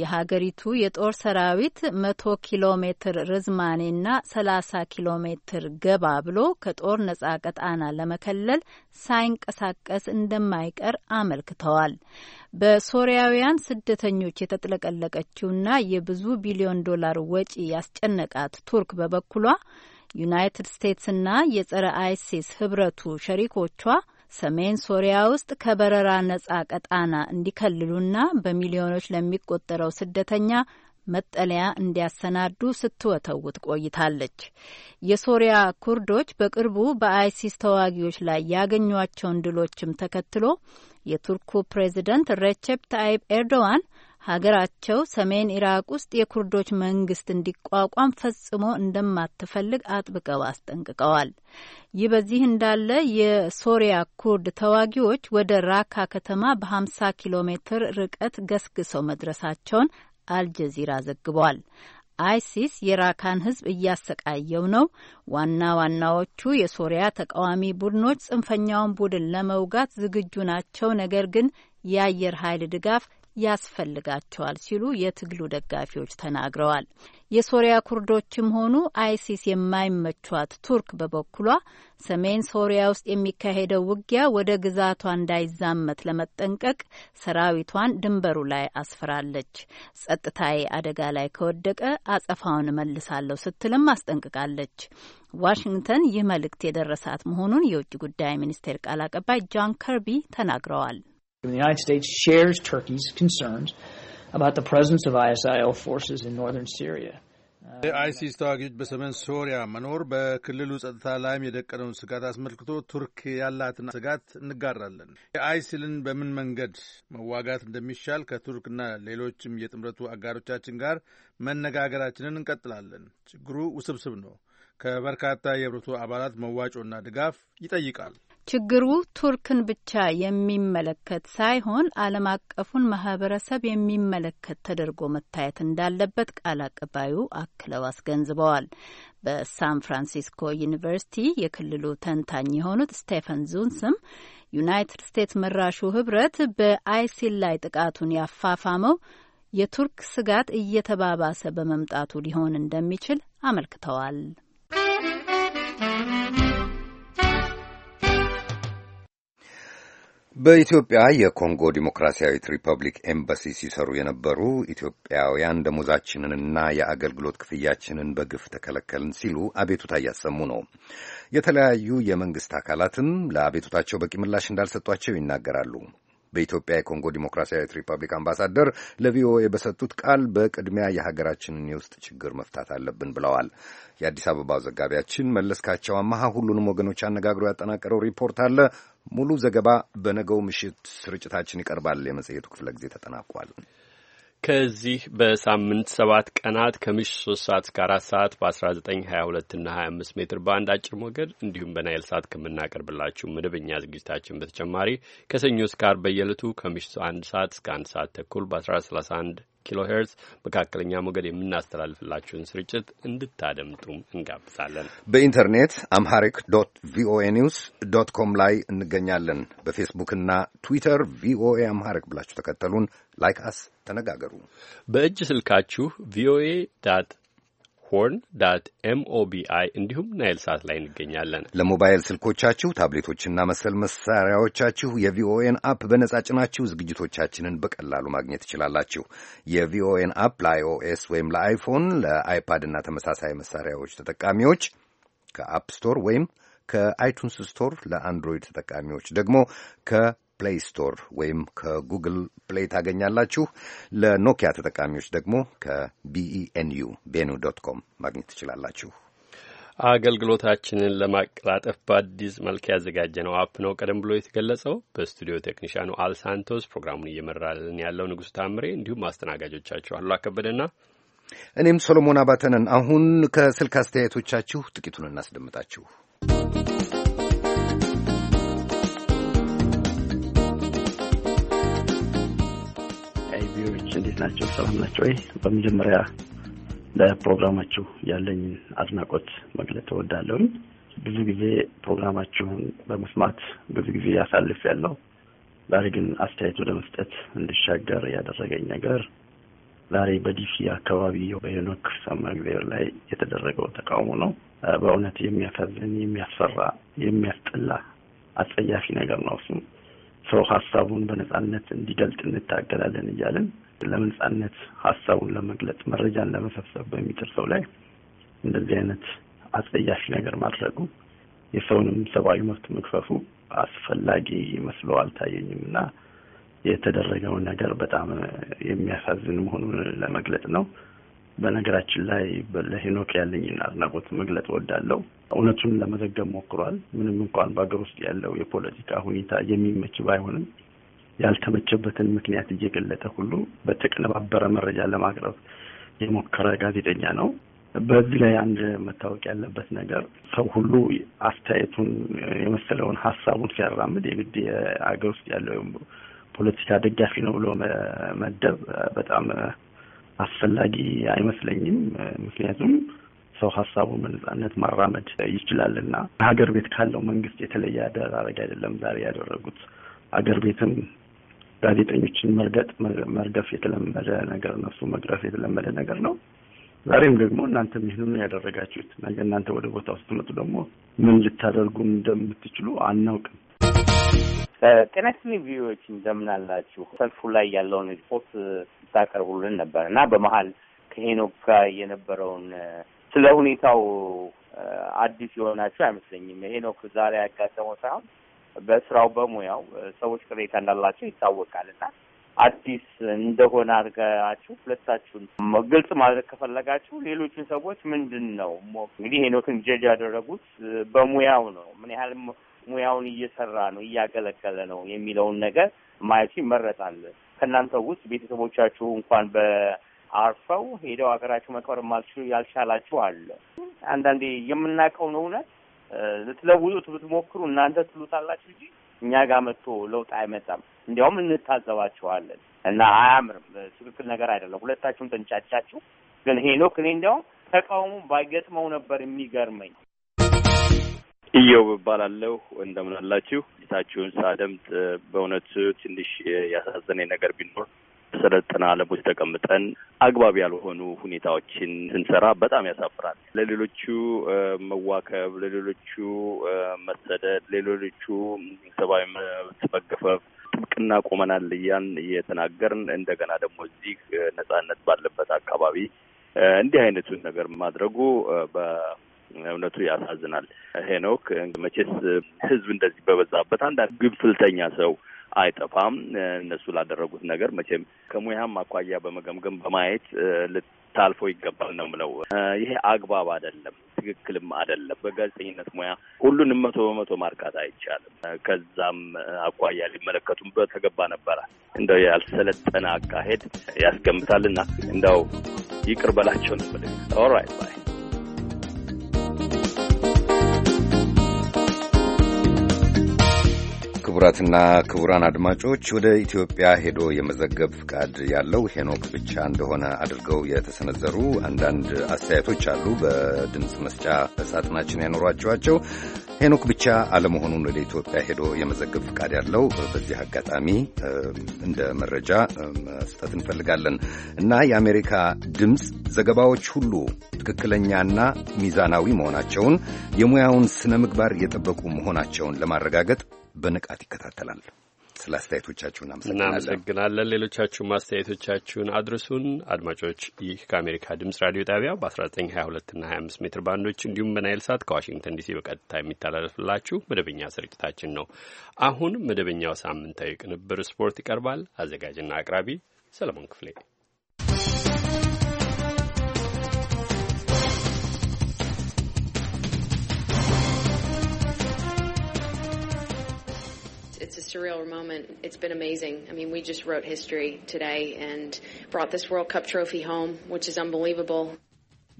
የሀገሪቱ የጦር ሰራዊት መቶ ኪሎ ሜትር ርዝማኔና ሰላሳ ኪሎ ሜትር ገባ ብሎ ከጦር ነጻ ቀጣና ለመከለል ሳይንቀሳቀስ እንደማይቀር አመልክተዋል። በሶሪያውያን ስደተኞች የተጥለቀለቀችውና የብዙ ቢሊዮን ዶላር ወጪ ያስጨነቃት ቱርክ በበኩሏ ዩናይትድ ስቴትስና የጸረ አይሲስ ህብረቱ ሸሪኮቿ ሰሜን ሶሪያ ውስጥ ከበረራ ነጻ ቀጣና እንዲከልሉና በሚሊዮኖች ለሚቆጠረው ስደተኛ መጠለያ እንዲያሰናዱ ስትወተውት ቆይታለች። የሶሪያ ኩርዶች በቅርቡ በአይሲስ ተዋጊዎች ላይ ያገኟቸውን ድሎችም ተከትሎ የቱርኩ ፕሬዚደንት ሬቼፕ ታይብ ኤርዶዋን ሀገራቸው ሰሜን ኢራቅ ውስጥ የኩርዶች መንግስት እንዲቋቋም ፈጽሞ እንደማትፈልግ አጥብቀው አስጠንቅቀዋል። ይህ በዚህ እንዳለ የሶሪያ ኩርድ ተዋጊዎች ወደ ራካ ከተማ በ50 ኪሎ ሜትር ርቀት ገስግሰው መድረሳቸውን አልጀዚራ ዘግቧል። አይሲስ የራካን ህዝብ እያሰቃየው ነው። ዋና ዋናዎቹ የሶሪያ ተቃዋሚ ቡድኖች ጽንፈኛውን ቡድን ለመውጋት ዝግጁ ናቸው፣ ነገር ግን የአየር ኃይል ድጋፍ ያስፈልጋቸዋል ሲሉ የትግሉ ደጋፊዎች ተናግረዋል። የሶሪያ ኩርዶችም ሆኑ አይሲስ የማይመቿት ቱርክ በበኩሏ ሰሜን ሶሪያ ውስጥ የሚካሄደው ውጊያ ወደ ግዛቷ እንዳይዛመት ለመጠንቀቅ ሰራዊቷን ድንበሩ ላይ አስፍራለች። ጸጥታዬ አደጋ ላይ ከወደቀ አጸፋውን እመልሳለሁ ስትልም አስጠንቅቃለች። ዋሽንግተን ይህ መልእክት የደረሳት መሆኑን የውጭ ጉዳይ ሚኒስቴር ቃል አቀባይ ጃን ከርቢ ተናግረዋል። the United States shares Turkey's concerns about the presence of ISIL forces in northern Syria. የአይሲስ ተዋጊዎች በሰሜን ሶሪያ መኖር በክልሉ ጸጥታ ላይም የደቀነውን ስጋት አስመልክቶ ቱርክ ያላትን ስጋት እንጋራለን። የአይሲልን በምን መንገድ መዋጋት እንደሚሻል ከቱርክና ሌሎችም የጥምረቱ አጋሮቻችን ጋር መነጋገራችንን እንቀጥላለን። ችግሩ ውስብስብ ነው፣ ከበርካታ የህብረቱ አባላት መዋጮና ድጋፍ ይጠይቃል። ችግሩ ቱርክን ብቻ የሚመለከት ሳይሆን ዓለም አቀፉን ማህበረሰብ የሚመለከት ተደርጎ መታየት እንዳለበት ቃል አቀባዩ አክለው አስገንዝበዋል። በሳን ፍራንሲስኮ ዩኒቨርሲቲ የክልሉ ተንታኝ የሆኑት ስቴፈን ዙንስም ዩናይትድ ስቴትስ መራሹ ህብረት በአይሲል ላይ ጥቃቱን ያፋፋመው የቱርክ ስጋት እየተባባሰ በመምጣቱ ሊሆን እንደሚችል አመልክተዋል። በኢትዮጵያ የኮንጎ ዲሞክራሲያዊት ሪፐብሊክ ኤምባሲ ሲሰሩ የነበሩ ኢትዮጵያውያን ደሞዛችንንና የአገልግሎት ክፍያችንን በግፍ ተከለከልን ሲሉ አቤቱታ እያሰሙ ነው። የተለያዩ የመንግሥት አካላትም ለአቤቱታቸው በቂ ምላሽ እንዳልሰጧቸው ይናገራሉ። በኢትዮጵያ የኮንጎ ዲሞክራሲያዊት ሪፐብሊክ አምባሳደር ለቪኦኤ በሰጡት ቃል በቅድሚያ የሀገራችንን የውስጥ ችግር መፍታት አለብን ብለዋል። የአዲስ አበባው ዘጋቢያችን መለስካቸው አማሃ ሁሉንም ወገኖች አነጋግሮ ያጠናቀረው ሪፖርት አለ ሙሉ ዘገባ በነገው ምሽት ስርጭታችን ይቀርባል። የመጽሔቱ ክፍለ ጊዜ ተጠናቋል። ከዚህ በሳምንት ሰባት ቀናት ከምሽት ሶስት ሰዓት እስከ አራት ሰዓት በአስራ ዘጠኝ ሀያ ሁለት ና ሀያ አምስት ሜትር ባንድ አጭር ሞገድ እንዲሁም በናይል ሰዓት ከምናቀርብላችሁ መደበኛ ዝግጅታችን በተጨማሪ ከሰኞ እስከ አርብ በየዕለቱ ከምሽቱ አንድ ሰዓት እስከ አንድ ሰዓት ተኩል በአስራ ሰላሳ አንድ ኪሎ መካከለኛ ሞገድ የምናስተላልፍላችሁን ስርጭት እንድታደምጡም እንጋብዛለን። በኢንተርኔት አምሃሪክ ዶት ቪኦኤ ኒውስ ዶት ኮም ላይ እንገኛለን። በፌስቡክና ትዊተር ቪኦኤ አምሃሪክ ብላችሁ ተከተሉን። ላይክ አስ፣ ተነጋገሩ። በእጅ ስልካችሁ ቪኦኤ ዳት ሆርን ዳት ኤምኦቢአይ እንዲሁም ናይል ሳት ላይ እንገኛለን። ለሞባይል ስልኮቻችሁ ታብሌቶችና መሰል መሳሪያዎቻችሁ የቪኦኤን አፕ በነጻ ጭናችሁ ዝግጅቶቻችንን በቀላሉ ማግኘት ትችላላችሁ። የቪኦኤን አፕ ለአይኦኤስ ወይም ለአይፎን፣ ለአይፓድ እና ተመሳሳይ መሳሪያዎች ተጠቃሚዎች ከአፕ ስቶር ወይም ከአይቱንስ ስቶር፣ ለአንድሮይድ ተጠቃሚዎች ደግሞ ከ ፕሌይ ስቶር ወይም ከጉግል ፕሌይ ታገኛላችሁ። ለኖኪያ ተጠቃሚዎች ደግሞ ከቢኢኤንዩ ቤኑ ዶት ኮም ማግኘት ትችላላችሁ። አገልግሎታችንን ለማቀላጠፍ በአዲስ መልክ ያዘጋጀነው አፕ ነው ቀደም ብሎ የተገለጸው። በስቱዲዮ ቴክኒሻኑ አልሳንቶስ፣ ፕሮግራሙን እየመራልን ያለው ንጉሥ ታምሬ፣ እንዲሁም አስተናጋጆቻችሁ አሉ አከበደና እኔም ሶሎሞን አባተንን። አሁን ከስልክ አስተያየቶቻችሁ ጥቂቱን እናስደምጣችሁ። እንዴት ናቸው? ሰላም ናቸው ወይ? በመጀመሪያ ለፕሮግራማችሁ ያለኝን አድናቆት መግለጽ እወዳለሁኝ። ብዙ ጊዜ ፕሮግራማችሁን በመስማት ብዙ ጊዜ ያሳልፍ ያለው ዛሬ ግን አስተያየት ወደ መስጠት እንድሻገር ያደረገኝ ነገር ዛሬ በዲሲ አካባቢ በሄኖክ ሰማእግዚአብሔር ላይ የተደረገው ተቃውሞ ነው። በእውነት የሚያሳዝን፣ የሚያስፈራ፣ የሚያስጠላ አጸያፊ ነገር ነው። እሱም ሰው ሀሳቡን በነጻነት እንዲገልጥ እንታገላለን እያለን ለምንጻነት ሀሳቡን ለመግለጽ መረጃን ለመሰብሰብ በሚጥር ሰው ላይ እንደዚህ አይነት አጸያፊ ነገር ማድረጉ የሰውንም ሰብአዊ መብት መግፈፉ አስፈላጊ መስሎ አልታየኝም እና የተደረገውን ነገር በጣም የሚያሳዝን መሆኑን ለመግለጽ ነው። በነገራችን ላይ ለሄኖክ ያለኝን አድናቆት መግለጽ ወዳለው እውነቱን ለመዘገብ ሞክሯል። ምንም እንኳን በሀገር ውስጥ ያለው የፖለቲካ ሁኔታ የሚመች ባይሆንም ያልተመቸበትን ምክንያት እየገለጠ ሁሉ በተቀነባበረ መረጃ ለማቅረብ የሞከረ ጋዜጠኛ ነው። በዚህ ላይ አንድ መታወቅ ያለበት ነገር ሰው ሁሉ አስተያየቱን የመሰለውን ሀሳቡን ሲያራምድ የግድ የአገር ውስጥ ያለው ፖለቲካ ደጋፊ ነው ብሎ መደብ በጣም አስፈላጊ አይመስለኝም። ምክንያቱም ሰው ሀሳቡን በነጻነት ማራመድ ይችላል ሀገር ቤት ካለው መንግስት የተለየ አደራረግ አይደለም ዛሬ ያደረጉት። አገር ቤትም ጋዜጠኞችን መርገጥ መርገፍ የተለመደ ነገር ነው። እሱ መግረፍ የተለመደ ነገር ነው። ዛሬም ደግሞ እናንተም ይህንኑ ያደረጋችሁት፣ ነገ እናንተ ወደ ቦታው ስትመጡ ደግሞ ምን ልታደርጉ እንደምትችሉ አናውቅም። ጤና ቪዎች እንደምን አላችሁ? ሰልፉ ላይ ያለውን ሪፖርት ስታቀርቡልን ነበር እና በመሀል ከሄኖክ ጋር የነበረውን ስለ ሁኔታው አዲስ የሆናችሁ አይመስለኝም። ሄኖክ ዛሬ ያጋጠመው ሳይሆን በስራው በሙያው ሰዎች ቅሬታ እንዳላቸው ይታወቃል እና አዲስ እንደሆነ አድርጋችሁ ሁለታችሁን ግልጽ ማድረግ ከፈለጋችሁ ሌሎችን ሰዎች ምንድን ነው እንግዲህ ሄኖክን ጀጅ ያደረጉት በሙያው ነው። ምን ያህል ሙያውን እየሰራ ነው እያገለገለ ነው የሚለውን ነገር ማየቱ ይመረጣል። ከእናንተ ውስጥ ቤተሰቦቻችሁ እንኳን በአርፈው ሄደው ሀገራችሁ መቅበር ማልችሉ ያልቻላችሁ አለ። አንዳንዴ ነው እውነት ልትለውጡት ብትሞክሩ እናንተ ትሉታላችሁ እንጂ እኛ ጋር መጥቶ ለውጥ አይመጣም። እንዲያውም እንታዘባችኋለን እና አያምርም። ትክክል ነገር አይደለም። ሁለታችሁም ተንጫጫችሁ። ግን ሄኖክ እኔ እንዲያውም ተቃውሞ ባይገጥመው ነበር የሚገርመኝ። እየው እባላለሁ። እንደምን አላችሁ? ጌታችሁን ሳደምጥ በእውነቱ ትንሽ ያሳዘነኝ ነገር ቢኖር በሰለጠነ ዓለም ተቀምጠን አግባብ ያልሆኑ ሁኔታዎችን ስንሰራ በጣም ያሳፍራል። ለሌሎቹ መዋከብ፣ ለሌሎቹ መሰደድ፣ ለሌሎቹ ሰብአዊ መብት መገፈፍ ጥብቅና ቆመናል እያን እየተናገርን እንደገና ደግሞ እዚህ ነጻነት ባለበት አካባቢ እንዲህ አይነቱን ነገር ማድረጉ በእውነቱ ያሳዝናል። ሄኖክ መቼስ ህዝብ እንደዚህ በበዛበት አንዳንድ ፍልተኛ ሰው አይጠፋም። እነሱ ላደረጉት ነገር መቼም ከሙያም አኳያ በመገምገም በማየት ልታልፎ ይገባል ነው ምለው። ይሄ አግባብ አይደለም፣ ትክክልም አይደለም። በጋዜጠኝነት ሙያ ሁሉንም መቶ በመቶ ማርካት አይቻልም። ከዛም አኳያ ሊመለከቱም በተገባ ነበረ። እንደው ያልሰለጠነ አካሄድ ያስገምታልና እንደው ይቅር በላቸው ነው። ኦራይት ባይ ክቡራትና ክቡራን አድማጮች ወደ ኢትዮጵያ ሄዶ የመዘገብ ፍቃድ ያለው ሄኖክ ብቻ እንደሆነ አድርገው የተሰነዘሩ አንዳንድ አስተያየቶች አሉ። በድምፅ መስጫ ሳጥናችን ያኖሯቸዋቸው ሄኖክ ብቻ አለመሆኑን ወደ ኢትዮጵያ ሄዶ የመዘገብ ፍቃድ ያለው በዚህ አጋጣሚ እንደ መረጃ መስጠት እንፈልጋለን እና የአሜሪካ ድምፅ ዘገባዎች ሁሉ ትክክለኛና ሚዛናዊ መሆናቸውን የሙያውን ስነ ምግባር የጠበቁ መሆናቸውን ለማረጋገጥ በንቃት ይከታተላል። ስለ አስተያየቶቻችሁን እናመሰግናለን። ሌሎቻችሁም አስተያየቶቻችሁን አድርሱን። አድማጮች፣ ይህ ከአሜሪካ ድምጽ ራዲዮ ጣቢያ በ1922 እና 25 ሜትር ባንዶች እንዲሁም በናይል ሳት ከዋሽንግተን ዲሲ በቀጥታ የሚተላለፍላችሁ መደበኛ ስርጭታችን ነው። አሁን መደበኛው ሳምንታዊ ቅንብር ስፖርት ይቀርባል። አዘጋጅና አቅራቢ ሰለሞን ክፍሌ it's a surreal moment. It's been amazing. I mean, we just wrote history today and brought this World Cup trophy home, which is unbelievable.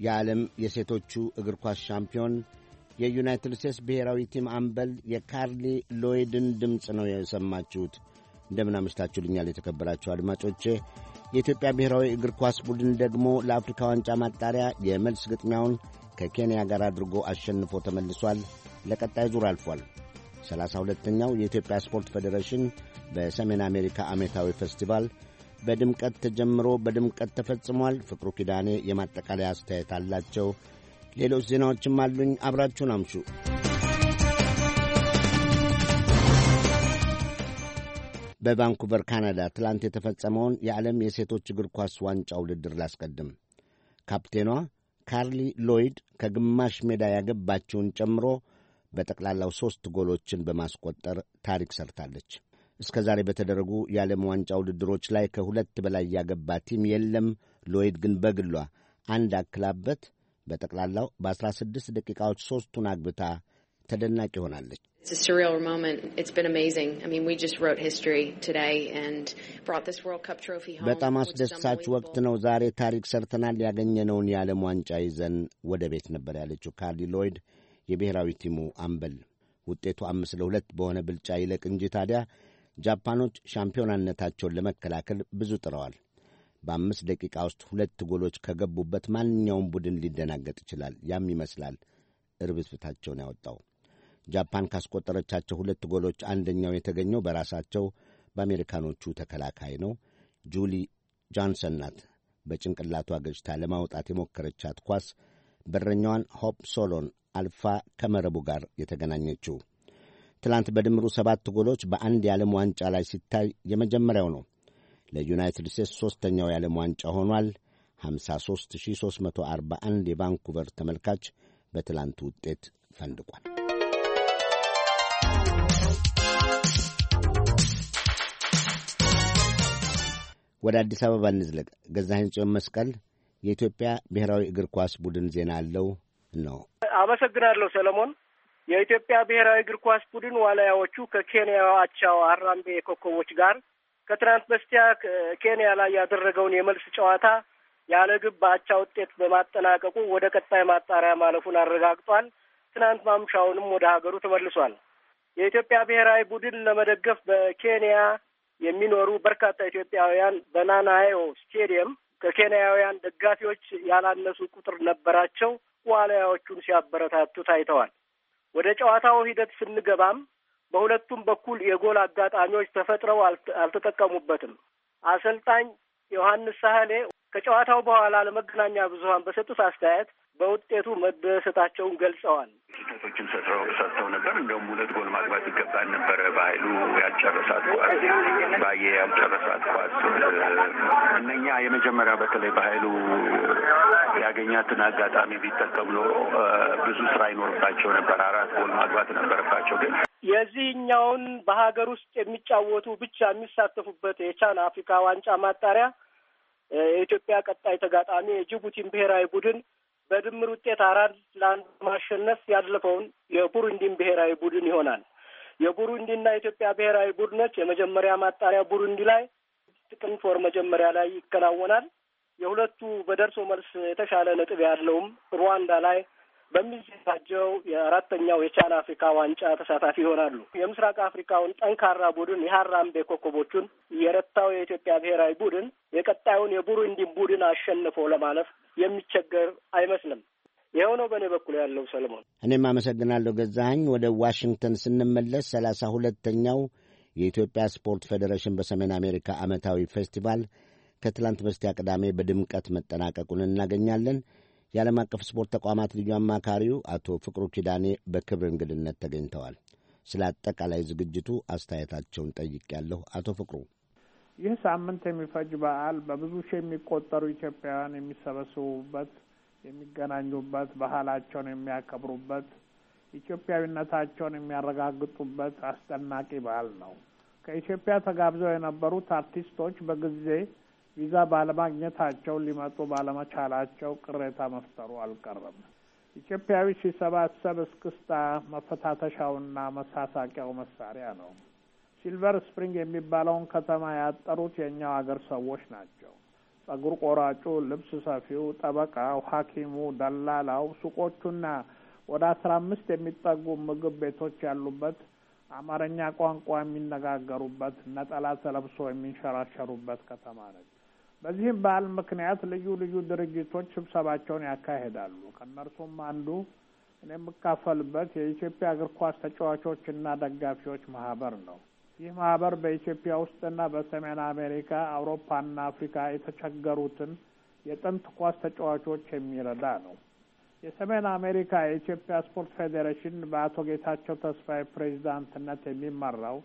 የዓለም የሴቶቹ እግር ኳስ ሻምፒዮን የዩናይትድ ስቴትስ ብሔራዊ ቲም አምበል የካርሊ ሎይድን ድምፅ ነው የሰማችሁት። እንደምን አምሽታችሁልኛል የተከበራችሁ አድማጮቼ። የኢትዮጵያ ብሔራዊ እግር ኳስ ቡድን ደግሞ ለአፍሪካ ዋንጫ ማጣሪያ የመልስ ግጥሚያውን ከኬንያ ጋር አድርጎ አሸንፎ ተመልሷል። ለቀጣይ ዙር አልፏል። ሰላሳ ሁለተኛው የኢትዮጵያ ስፖርት ፌዴሬሽን በሰሜን አሜሪካ ዓመታዊ ፌስቲቫል በድምቀት ተጀምሮ በድምቀት ተፈጽሟል። ፍቅሩ ኪዳኔ የማጠቃለያ አስተያየት አላቸው። ሌሎች ዜናዎችም አሉኝ። አብራችሁን አምሹ። በቫንኩቨር ካናዳ ትላንት የተፈጸመውን የዓለም የሴቶች እግር ኳስ ዋንጫ ውድድር ላስቀድም። ካፕቴኗ ካርሊ ሎይድ ከግማሽ ሜዳ ያገባችውን ጨምሮ በጠቅላላው ሦስት ጎሎችን በማስቆጠር ታሪክ ሰርታለች። እስከ ዛሬ በተደረጉ የዓለም ዋንጫ ውድድሮች ላይ ከሁለት በላይ ያገባ ቲም የለም። ሎይድ ግን በግሏ አንድ አክላበት በጠቅላላው በ16 ደቂቃዎች ሦስቱን አግብታ ተደናቂ ሆናለች። በጣም አስደሳች ወቅት ነው። ዛሬ ታሪክ ሰርተናል። ያገኘነውን የዓለም ዋንጫ ይዘን ወደ ቤት ነበር ያለችው ካርሊ ሎይድ የብሔራዊ ቲሙ አምበል። ውጤቱ አምስት ለሁለት በሆነ ብልጫ ይለቅ እንጂ ታዲያ ጃፓኖች ሻምፒዮናነታቸውን ለመከላከል ብዙ ጥረዋል። በአምስት ደቂቃ ውስጥ ሁለት ጎሎች ከገቡበት ማንኛውም ቡድን ሊደናገጥ ይችላል። ያም ይመስላል እርብትብታቸውን ያወጣው። ጃፓን ካስቆጠረቻቸው ሁለት ጎሎች አንደኛው የተገኘው በራሳቸው በአሜሪካኖቹ ተከላካይ ነው። ጁሊ ጆንሰን ናት በጭንቅላቷ ገጭታ ለማውጣት የሞከረቻት ኳስ በረኛዋን ሆፕ ሶሎን አልፋ ከመረቡ ጋር የተገናኘችው። ትላንት በድምሩ ሰባት ጎሎች በአንድ የዓለም ዋንጫ ላይ ሲታይ የመጀመሪያው ነው። ለዩናይትድ ስቴትስ ሦስተኛው የዓለም ዋንጫ ሆኗል። 53341 የቫንኩቨር ተመልካች በትላንቱ ውጤት ፈንድቋል። ወደ አዲስ አበባ እንዝለቅ። ገዛኸኝ ጽዮን መስቀል የኢትዮጵያ ብሔራዊ እግር ኳስ ቡድን ዜና አለው ነው። አመሰግናለሁ ሰለሞን። የኢትዮጵያ ብሔራዊ እግር ኳስ ቡድን ዋልያዎቹ ከኬንያ አቻው አራምቤ ኮከቦች ጋር ከትናንት በስቲያ ኬንያ ላይ ያደረገውን የመልስ ጨዋታ ያለ ግብ በአቻ ውጤት በማጠናቀቁ ወደ ቀጣይ ማጣሪያ ማለፉን አረጋግጧል። ትናንት ማምሻውንም ወደ ሀገሩ ተመልሷል። የኢትዮጵያ ብሔራዊ ቡድን ለመደገፍ በኬንያ የሚኖሩ በርካታ ኢትዮጵያውያን በናናዮ ስቴዲየም ከኬንያውያን ደጋፊዎች ያላነሱ ቁጥር ነበራቸው። ዋልያዎቹን ሲያበረታቱ ታይተዋል። ወደ ጨዋታው ሂደት ስንገባም በሁለቱም በኩል የጎል አጋጣሚዎች ተፈጥረው አልተጠቀሙበትም። አሰልጣኝ ዮሐንስ ሳህሌ ከጨዋታው በኋላ ለመገናኛ ብዙኃን በሰጡት አስተያየት በውጤቱ መደሰታቸውን ገልጸዋል። ስህተቶችን ሰጥረው ሰጥተው ነበር። እንደውም ሁለት ጎል ማግባት ይገባል ነበረ። በሀይሉ ያልጨረሳት ኳስ፣ ባየ ያልጨረሳት ኳስ እነኛ የመጀመሪያ በተለይ በሀይሉ ያገኛትን አጋጣሚ ቢጠቀም ኖሮ ብዙ ስራ ይኖርባቸው ነበር። አራት ጎል ማግባት ነበረባቸው። ግን የዚህኛውን በሀገር ውስጥ የሚጫወቱ ብቻ የሚሳተፉበት የቻን አፍሪካ ዋንጫ ማጣሪያ የኢትዮጵያ ቀጣይ ተጋጣሚ የጅቡቲን ብሔራዊ ቡድን በድምር ውጤት አራት ለአንድ ማሸነፍ ያለፈውን የቡሩንዲን ብሔራዊ ቡድን ይሆናል። የቡሩንዲና የኢትዮጵያ ብሔራዊ ቡድኖች የመጀመሪያ ማጣሪያ ቡሩንዲ ላይ ጥቅምት ወር መጀመሪያ ላይ ይከናወናል። የሁለቱ በደርሶ መልስ የተሻለ ነጥብ ያለውም ሩዋንዳ ላይ በሚዘጋጀው የአራተኛው የቻን አፍሪካ ዋንጫ ተሳታፊ ይሆናሉ። የምስራቅ አፍሪካውን ጠንካራ ቡድን የሀራምቤ ኮከቦቹን የረታው የኢትዮጵያ ብሔራዊ ቡድን የቀጣዩን የቡሩንዲን ቡድን አሸንፎ ለማለፍ የሚቸገር አይመስልም። ይኸው ነው በእኔ በኩል ያለው ሰለሞን። እኔም አመሰግናለሁ ገዛኸኝ። ወደ ዋሽንግተን ስንመለስ ሰላሳ ሁለተኛው የኢትዮጵያ ስፖርት ፌዴሬሽን በሰሜን አሜሪካ ዓመታዊ ፌስቲቫል ከትላንት በስቲያ ቅዳሜ በድምቀት መጠናቀቁን እናገኛለን። የዓለም አቀፍ ስፖርት ተቋማት ልዩ አማካሪው አቶ ፍቅሩ ኪዳኔ በክብር እንግድነት ተገኝተዋል። ስለ አጠቃላይ ዝግጅቱ አስተያየታቸውን ጠይቄያለሁ። አቶ ፍቅሩ ይህ ሳምንት የሚፈጅ በዓል በብዙ ሺህ የሚቆጠሩ ኢትዮጵያውያን የሚሰበስቡበት፣ የሚገናኙበት፣ ባህላቸውን የሚያከብሩበት፣ ኢትዮጵያዊነታቸውን የሚያረጋግጡበት አስደናቂ በዓል ነው። ከኢትዮጵያ ተጋብዘው የነበሩት አርቲስቶች በጊዜ ቪዛ ባለማግኘታቸው ሊመጡ ባለመቻላቸው ቅሬታ መፍጠሩ አልቀረም። ኢትዮጵያዊ ሲሰባሰብ እስክስታ መፈታተሻውና መሳሳቂያው መሳሪያ ነው። ሲልቨር ስፕሪንግ የሚባለውን ከተማ ያጠሩት የእኛው ሀገር ሰዎች ናቸው። ጸጉር ቆራጩ፣ ልብስ ሰፊው፣ ጠበቃው፣ ሐኪሙ፣ ደላላው፣ ሱቆቹና ወደ አስራ አምስት የሚጠጉ ምግብ ቤቶች ያሉበት አማርኛ ቋንቋ የሚነጋገሩበት ነጠላ ተለብሶ የሚንሸራሸሩበት ከተማ ነች። በዚህም በዓል ምክንያት ልዩ ልዩ ድርጅቶች ስብሰባቸውን ያካሂዳሉ። ከእነርሱም አንዱ እኔ የምካፈልበት የኢትዮጵያ እግር ኳስ ተጫዋቾችና ደጋፊዎች ማህበር ነው። ይህ ማህበር በኢትዮጵያ ውስጥና በሰሜን አሜሪካ፣ አውሮፓና አፍሪካ የተቸገሩትን የጥንት ኳስ ተጫዋቾች የሚረዳ ነው። የሰሜን አሜሪካ የኢትዮጵያ ስፖርት ፌዴሬሽን በአቶ ጌታቸው ተስፋዬ ፕሬዚዳንትነት የሚመራው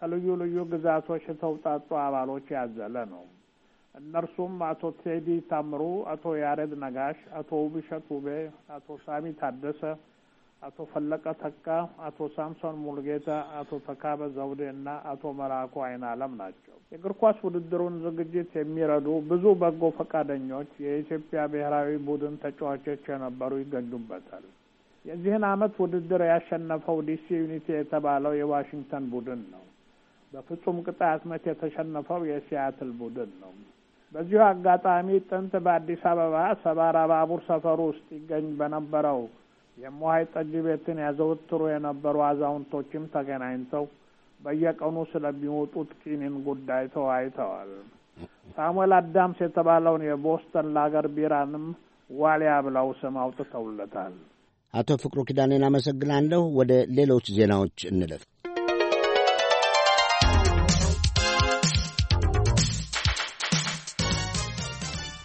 ከልዩ ልዩ ግዛቶች የተውጣጡ አባሎች ያዘለ ነው። እነርሱም አቶ ቴዲ ታምሩ፣ አቶ ያሬድ ነጋሽ፣ አቶ ውብሸት ውቤ፣ አቶ ሳሚ ታደሰ፣ አቶ ፈለቀ ተካ፣ አቶ ሳምሶን ሙልጌታ፣ አቶ ተካበ ዘውዴ እና አቶ መራኩ አይን አለም ናቸው። የእግር ኳስ ውድድሩን ዝግጅት የሚረዱ ብዙ በጎ ፈቃደኞች የኢትዮጵያ ብሔራዊ ቡድን ተጫዋቾች የነበሩ ይገኙበታል። የዚህን ዓመት ውድድር ያሸነፈው ዲሲ ዩኒቲ የተባለው የዋሽንግተን ቡድን ነው። በፍጹም ቅጣት ምት የተሸነፈው የሲያትል ቡድን ነው። በዚሁ አጋጣሚ ጥንት በአዲስ አበባ ሰባራ ባቡር ሰፈር ውስጥ ይገኝ በነበረው የሞሀይ ጠጅ ቤትን ያዘወትሩ የነበሩ አዛውንቶችም ተገናኝተው በየቀኑ ስለሚወጡት ቂኒን ጉዳይ ተወያይተዋል። ሳሙኤል አዳምስ የተባለውን የቦስተን ላገር ቢራንም ዋሊያ ብለው ስም አውጥተውለታል። አቶ ፍቅሩ ኪዳኔን አመሰግናለሁ። ወደ ሌሎች ዜናዎች እንለፍ።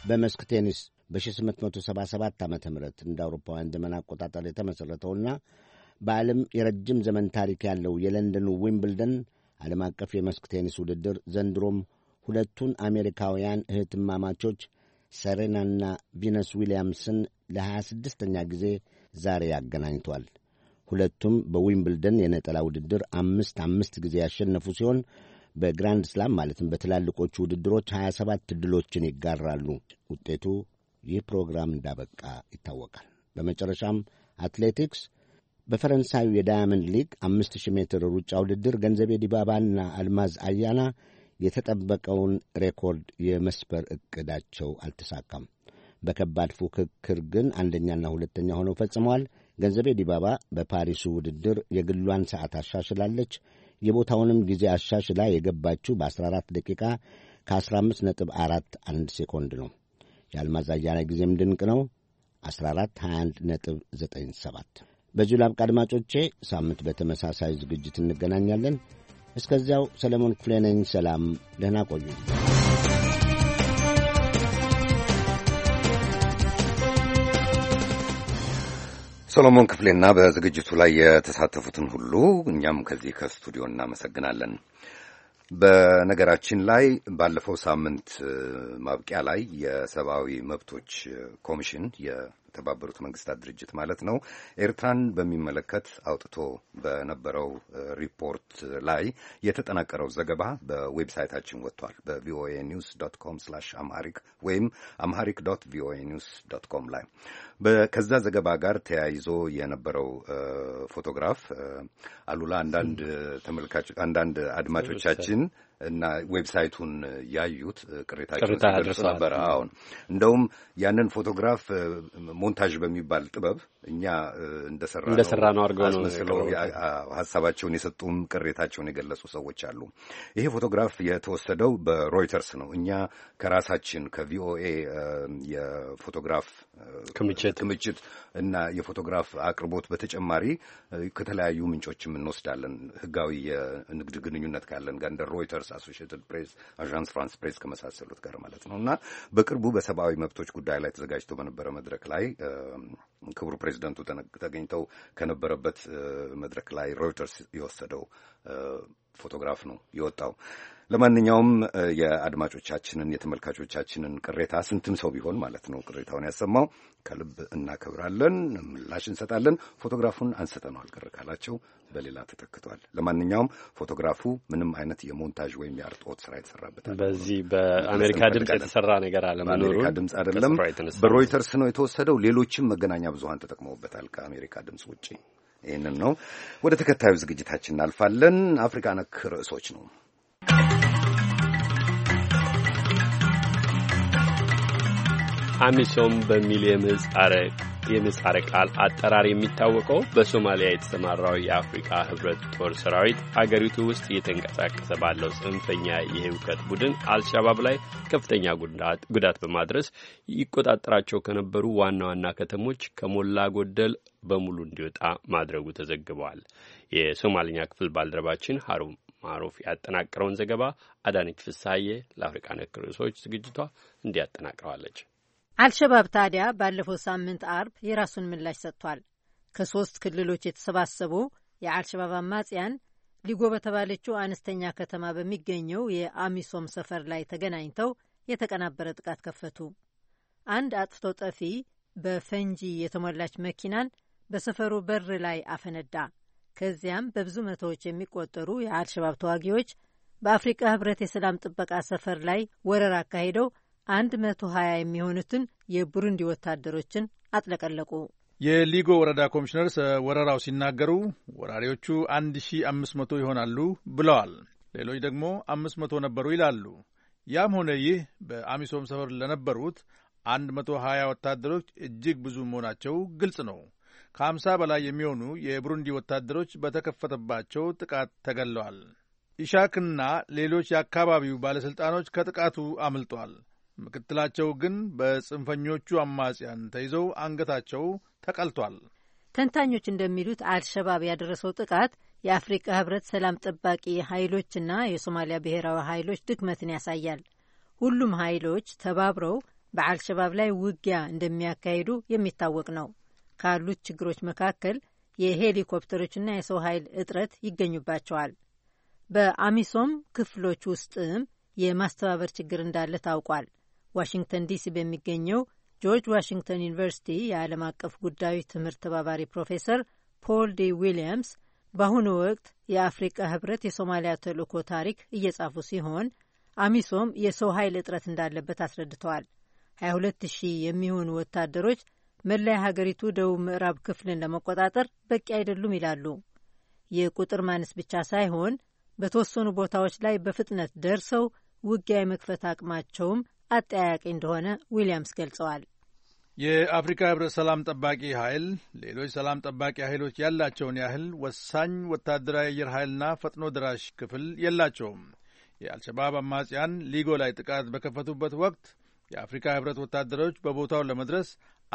በመስክ ቴኒስ በ1877 ዓ ም እንደ አውሮፓውያን ዘመን አቆጣጠር የተመሠረተውና በዓለም የረጅም ዘመን ታሪክ ያለው የለንደኑ ዊምብልደን ዓለም አቀፍ የመስክ ቴኒስ ውድድር ዘንድሮም ሁለቱን አሜሪካውያን እህትማማቾች ሰሬናና ቪነስ ዊልያምስን ለ26ኛ ጊዜ ዛሬ ያገናኝቷል። ሁለቱም በዊምብልደን የነጠላ ውድድር አምስት አምስት ጊዜ ያሸነፉ ሲሆን በግራንድ ስላም ማለትም በትላልቆቹ ውድድሮች 27 ድሎችን ይጋራሉ። ውጤቱ ይህ ፕሮግራም እንዳበቃ ይታወቃል። በመጨረሻም አትሌቲክስ በፈረንሳዩ የዳያመንድ ሊግ 5000 ሜትር ሩጫ ውድድር ገንዘቤ ዲባባና አልማዝ አያና የተጠበቀውን ሬኮርድ የመስበር እቅዳቸው አልተሳካም። በከባድ ፉክክር ግን አንደኛና ሁለተኛ ሆነው ፈጽመዋል። ገንዘቤ ዲባባ በፓሪሱ ውድድር የግሏን ሰዓት አሻሽላለች። የቦታውንም ጊዜ አሻሽላ የገባችው በ14 ደቂቃ ከ15 ነጥብ 4 1 ሴኮንድ ነው። የአልማዝ አያና ጊዜም ድንቅ ነው፣ 14 21 ነጥብ 97። በዚሁ ላብቃ አድማጮቼ። ሳምንት በተመሳሳይ ዝግጅት እንገናኛለን። እስከዚያው ሰለሞን ክፍሌ ነኝ። ሰላም፣ ደህና ቆዩ። ሰሎሞን ክፍሌና በዝግጅቱ ላይ የተሳተፉትን ሁሉ እኛም ከዚህ ከስቱዲዮ እናመሰግናለን። በነገራችን ላይ ባለፈው ሳምንት ማብቂያ ላይ የሰብአዊ መብቶች ኮሚሽን የተባበሩት መንግስታት ድርጅት ማለት ነው ኤርትራን በሚመለከት አውጥቶ በነበረው ሪፖርት ላይ የተጠናቀረው ዘገባ በዌብሳይታችን ወጥቷል። በቪኦኤ ኒውስ ዶት ኮም ስላሽ አምሃሪክ ወይም አምሃሪክ ዶት ቪኦኤ ኒውስ ዶት ኮም ላይ ከዛ ዘገባ ጋር ተያይዞ የነበረው ፎቶግራፍ አሉላ አንዳንድ ተመልካች አንዳንድ አድማጮቻችን እና ዌብሳይቱን ያዩት ቅሬታቸውን ሲገልጹ ነበር። አሁን እንደውም ያንን ፎቶግራፍ ሞንታዥ በሚባል ጥበብ እኛ እንደሰራ ነው አድርገው መስለው ሀሳባቸውን የሰጡም ቅሬታቸውን የገለጹ ሰዎች አሉ። ይሄ ፎቶግራፍ የተወሰደው በሮይተርስ ነው። እኛ ከራሳችን ከቪኦኤ የፎቶግራፍ ክምችት እና የፎቶግራፍ አቅርቦት በተጨማሪ ከተለያዩ ምንጮችም እንወስዳለን። ህጋዊ የንግድ ግንኙነት ካለን ጋር እንደ ሮይተርስ፣ አሶሺየትድ ፕሬስ፣ አዣንስ ፍራንስ ፕሬስ ከመሳሰሉት ጋር ማለት ነው እና በቅርቡ በሰብአዊ መብቶች ጉዳይ ላይ ተዘጋጅቶ በነበረ መድረክ ላይ ክቡር ፕሬዚደንቱ ተገኝተው ከነበረበት መድረክ ላይ ሮይተርስ የወሰደው ፎቶግራፍ ነው የወጣው። ለማንኛውም የአድማጮቻችንን የተመልካቾቻችንን ቅሬታ ስንትም ሰው ቢሆን ማለት ነው ቅሬታውን ያሰማው ከልብ እናከብራለን፣ ምላሽ እንሰጣለን። ፎቶግራፉን አንስተነዋል ቅር ካላቸው በሌላ ተተክቷል። ለማንኛውም ፎቶግራፉ ምንም አይነት የሞንታዥ ወይም የአርትዖት ስራ የተሰራበታል። በዚህ በአሜሪካ ድምፅ የተሰራ ነገር አለ። በአሜሪካ ድምፅ አይደለም፣ በሮይተርስ ነው የተወሰደው። ሌሎችም መገናኛ ብዙሀን ተጠቅመውበታል ከአሜሪካ ድምጽ ውጭ። ይህንን ነው። ወደ ተከታዩ ዝግጅታችን እናልፋለን። አፍሪካ ነክ ርዕሶች ነው። አሚሶም በሚል የምህጻረ ቃል አጠራር የሚታወቀው በሶማሊያ የተሰማራው የአፍሪካ ህብረት ጦር ሰራዊት አገሪቱ ውስጥ እየተንቀሳቀሰ ባለው ጽንፈኛ የህውከት ቡድን አልሻባብ ላይ ከፍተኛ ጉዳት በማድረስ ይቆጣጠራቸው ከነበሩ ዋና ዋና ከተሞች ከሞላ ጎደል በሙሉ እንዲወጣ ማድረጉ ተዘግበዋል። የሶማሊኛ ክፍል ባልደረባችን ሀሩም ማሩፍ ያጠናቀረውን ዘገባ አዳነች ፍሳዬ ለአፍሪካ ነክ ርዕሶች ዝግጅቷ እንዲያጠናቅረዋለች። አልሸባብ ታዲያ ባለፈው ሳምንት አርብ የራሱን ምላሽ ሰጥቷል። ከሶስት ክልሎች የተሰባሰቡ የአልሸባብ አማጽያን ሊጎ በተባለችው አነስተኛ ከተማ በሚገኘው የአሚሶም ሰፈር ላይ ተገናኝተው የተቀናበረ ጥቃት ከፈቱ። አንድ አጥፍቶ ጠፊ በፈንጂ የተሞላች መኪናን በሰፈሩ በር ላይ አፈነዳ። ከዚያም በብዙ መቶዎች የሚቆጠሩ የአልሸባብ ተዋጊዎች በአፍሪካ ህብረት የሰላም ጥበቃ ሰፈር ላይ ወረራ አካሂደው 120 የሚሆኑትን የቡሩንዲ ወታደሮችን አጥለቀለቁ። የሊጎ ወረዳ ኮሚሽነር ወረራው ሲናገሩ ወራሪዎቹ 1500 ይሆናሉ ብለዋል። ሌሎች ደግሞ 500 ነበሩ ይላሉ። ያም ሆነ ይህ በአሚሶም ሰፈር ለነበሩት 120 ወታደሮች እጅግ ብዙ መሆናቸው ግልጽ ነው። ከ50 በላይ የሚሆኑ የቡሩንዲ ወታደሮች በተከፈተባቸው ጥቃት ተገለዋል። ኢሻክና ሌሎች የአካባቢው ባለሥልጣኖች ከጥቃቱ አምልጧል። ምክትላቸው ግን በጽንፈኞቹ አማጽያን ተይዘው አንገታቸው ተቀልቷል። ተንታኞች እንደሚሉት አልሸባብ ያደረሰው ጥቃት የአፍሪቃ ህብረት ሰላም ጠባቂ ኃይሎችና የሶማሊያ ብሔራዊ ኃይሎች ድክመትን ያሳያል። ሁሉም ኃይሎች ተባብረው በአልሸባብ ላይ ውጊያ እንደሚያካሂዱ የሚታወቅ ነው። ካሉት ችግሮች መካከል የሄሊኮፕተሮችና የሰው ኃይል እጥረት ይገኙባቸዋል። በአሚሶም ክፍሎች ውስጥም የማስተባበር ችግር እንዳለ ታውቋል። ዋሽንግተን ዲሲ በሚገኘው ጆርጅ ዋሽንግተን ዩኒቨርሲቲ የዓለም አቀፍ ጉዳዮች ትምህርት ተባባሪ ፕሮፌሰር ፖል ዴ ዊሊያምስ በአሁኑ ወቅት የአፍሪቃ ህብረት የሶማሊያ ተልእኮ ታሪክ እየጻፉ ሲሆን አሚሶም የሰው ኃይል እጥረት እንዳለበት አስረድተዋል። 22 ሺህ የሚሆኑ ወታደሮች መላ ሀገሪቱ ደቡብ ምዕራብ ክፍልን ለመቆጣጠር በቂ አይደሉም ይላሉ። የቁጥር ማነስ ብቻ ሳይሆን በተወሰኑ ቦታዎች ላይ በፍጥነት ደርሰው ውጊያ የመክፈት አቅማቸውም አጠያያቂ እንደሆነ ዊሊያምስ ገልጸዋል። የአፍሪካ ህብረት ሰላም ጠባቂ ኃይል ሌሎች ሰላም ጠባቂ ኃይሎች ያላቸውን ያህል ወሳኝ ወታደራዊ አየር ኃይልና ፈጥኖ ድራሽ ክፍል የላቸውም። የአልሸባብ አማጽያን ሊጎ ላይ ጥቃት በከፈቱበት ወቅት የአፍሪካ ህብረት ወታደሮች በቦታው ለመድረስ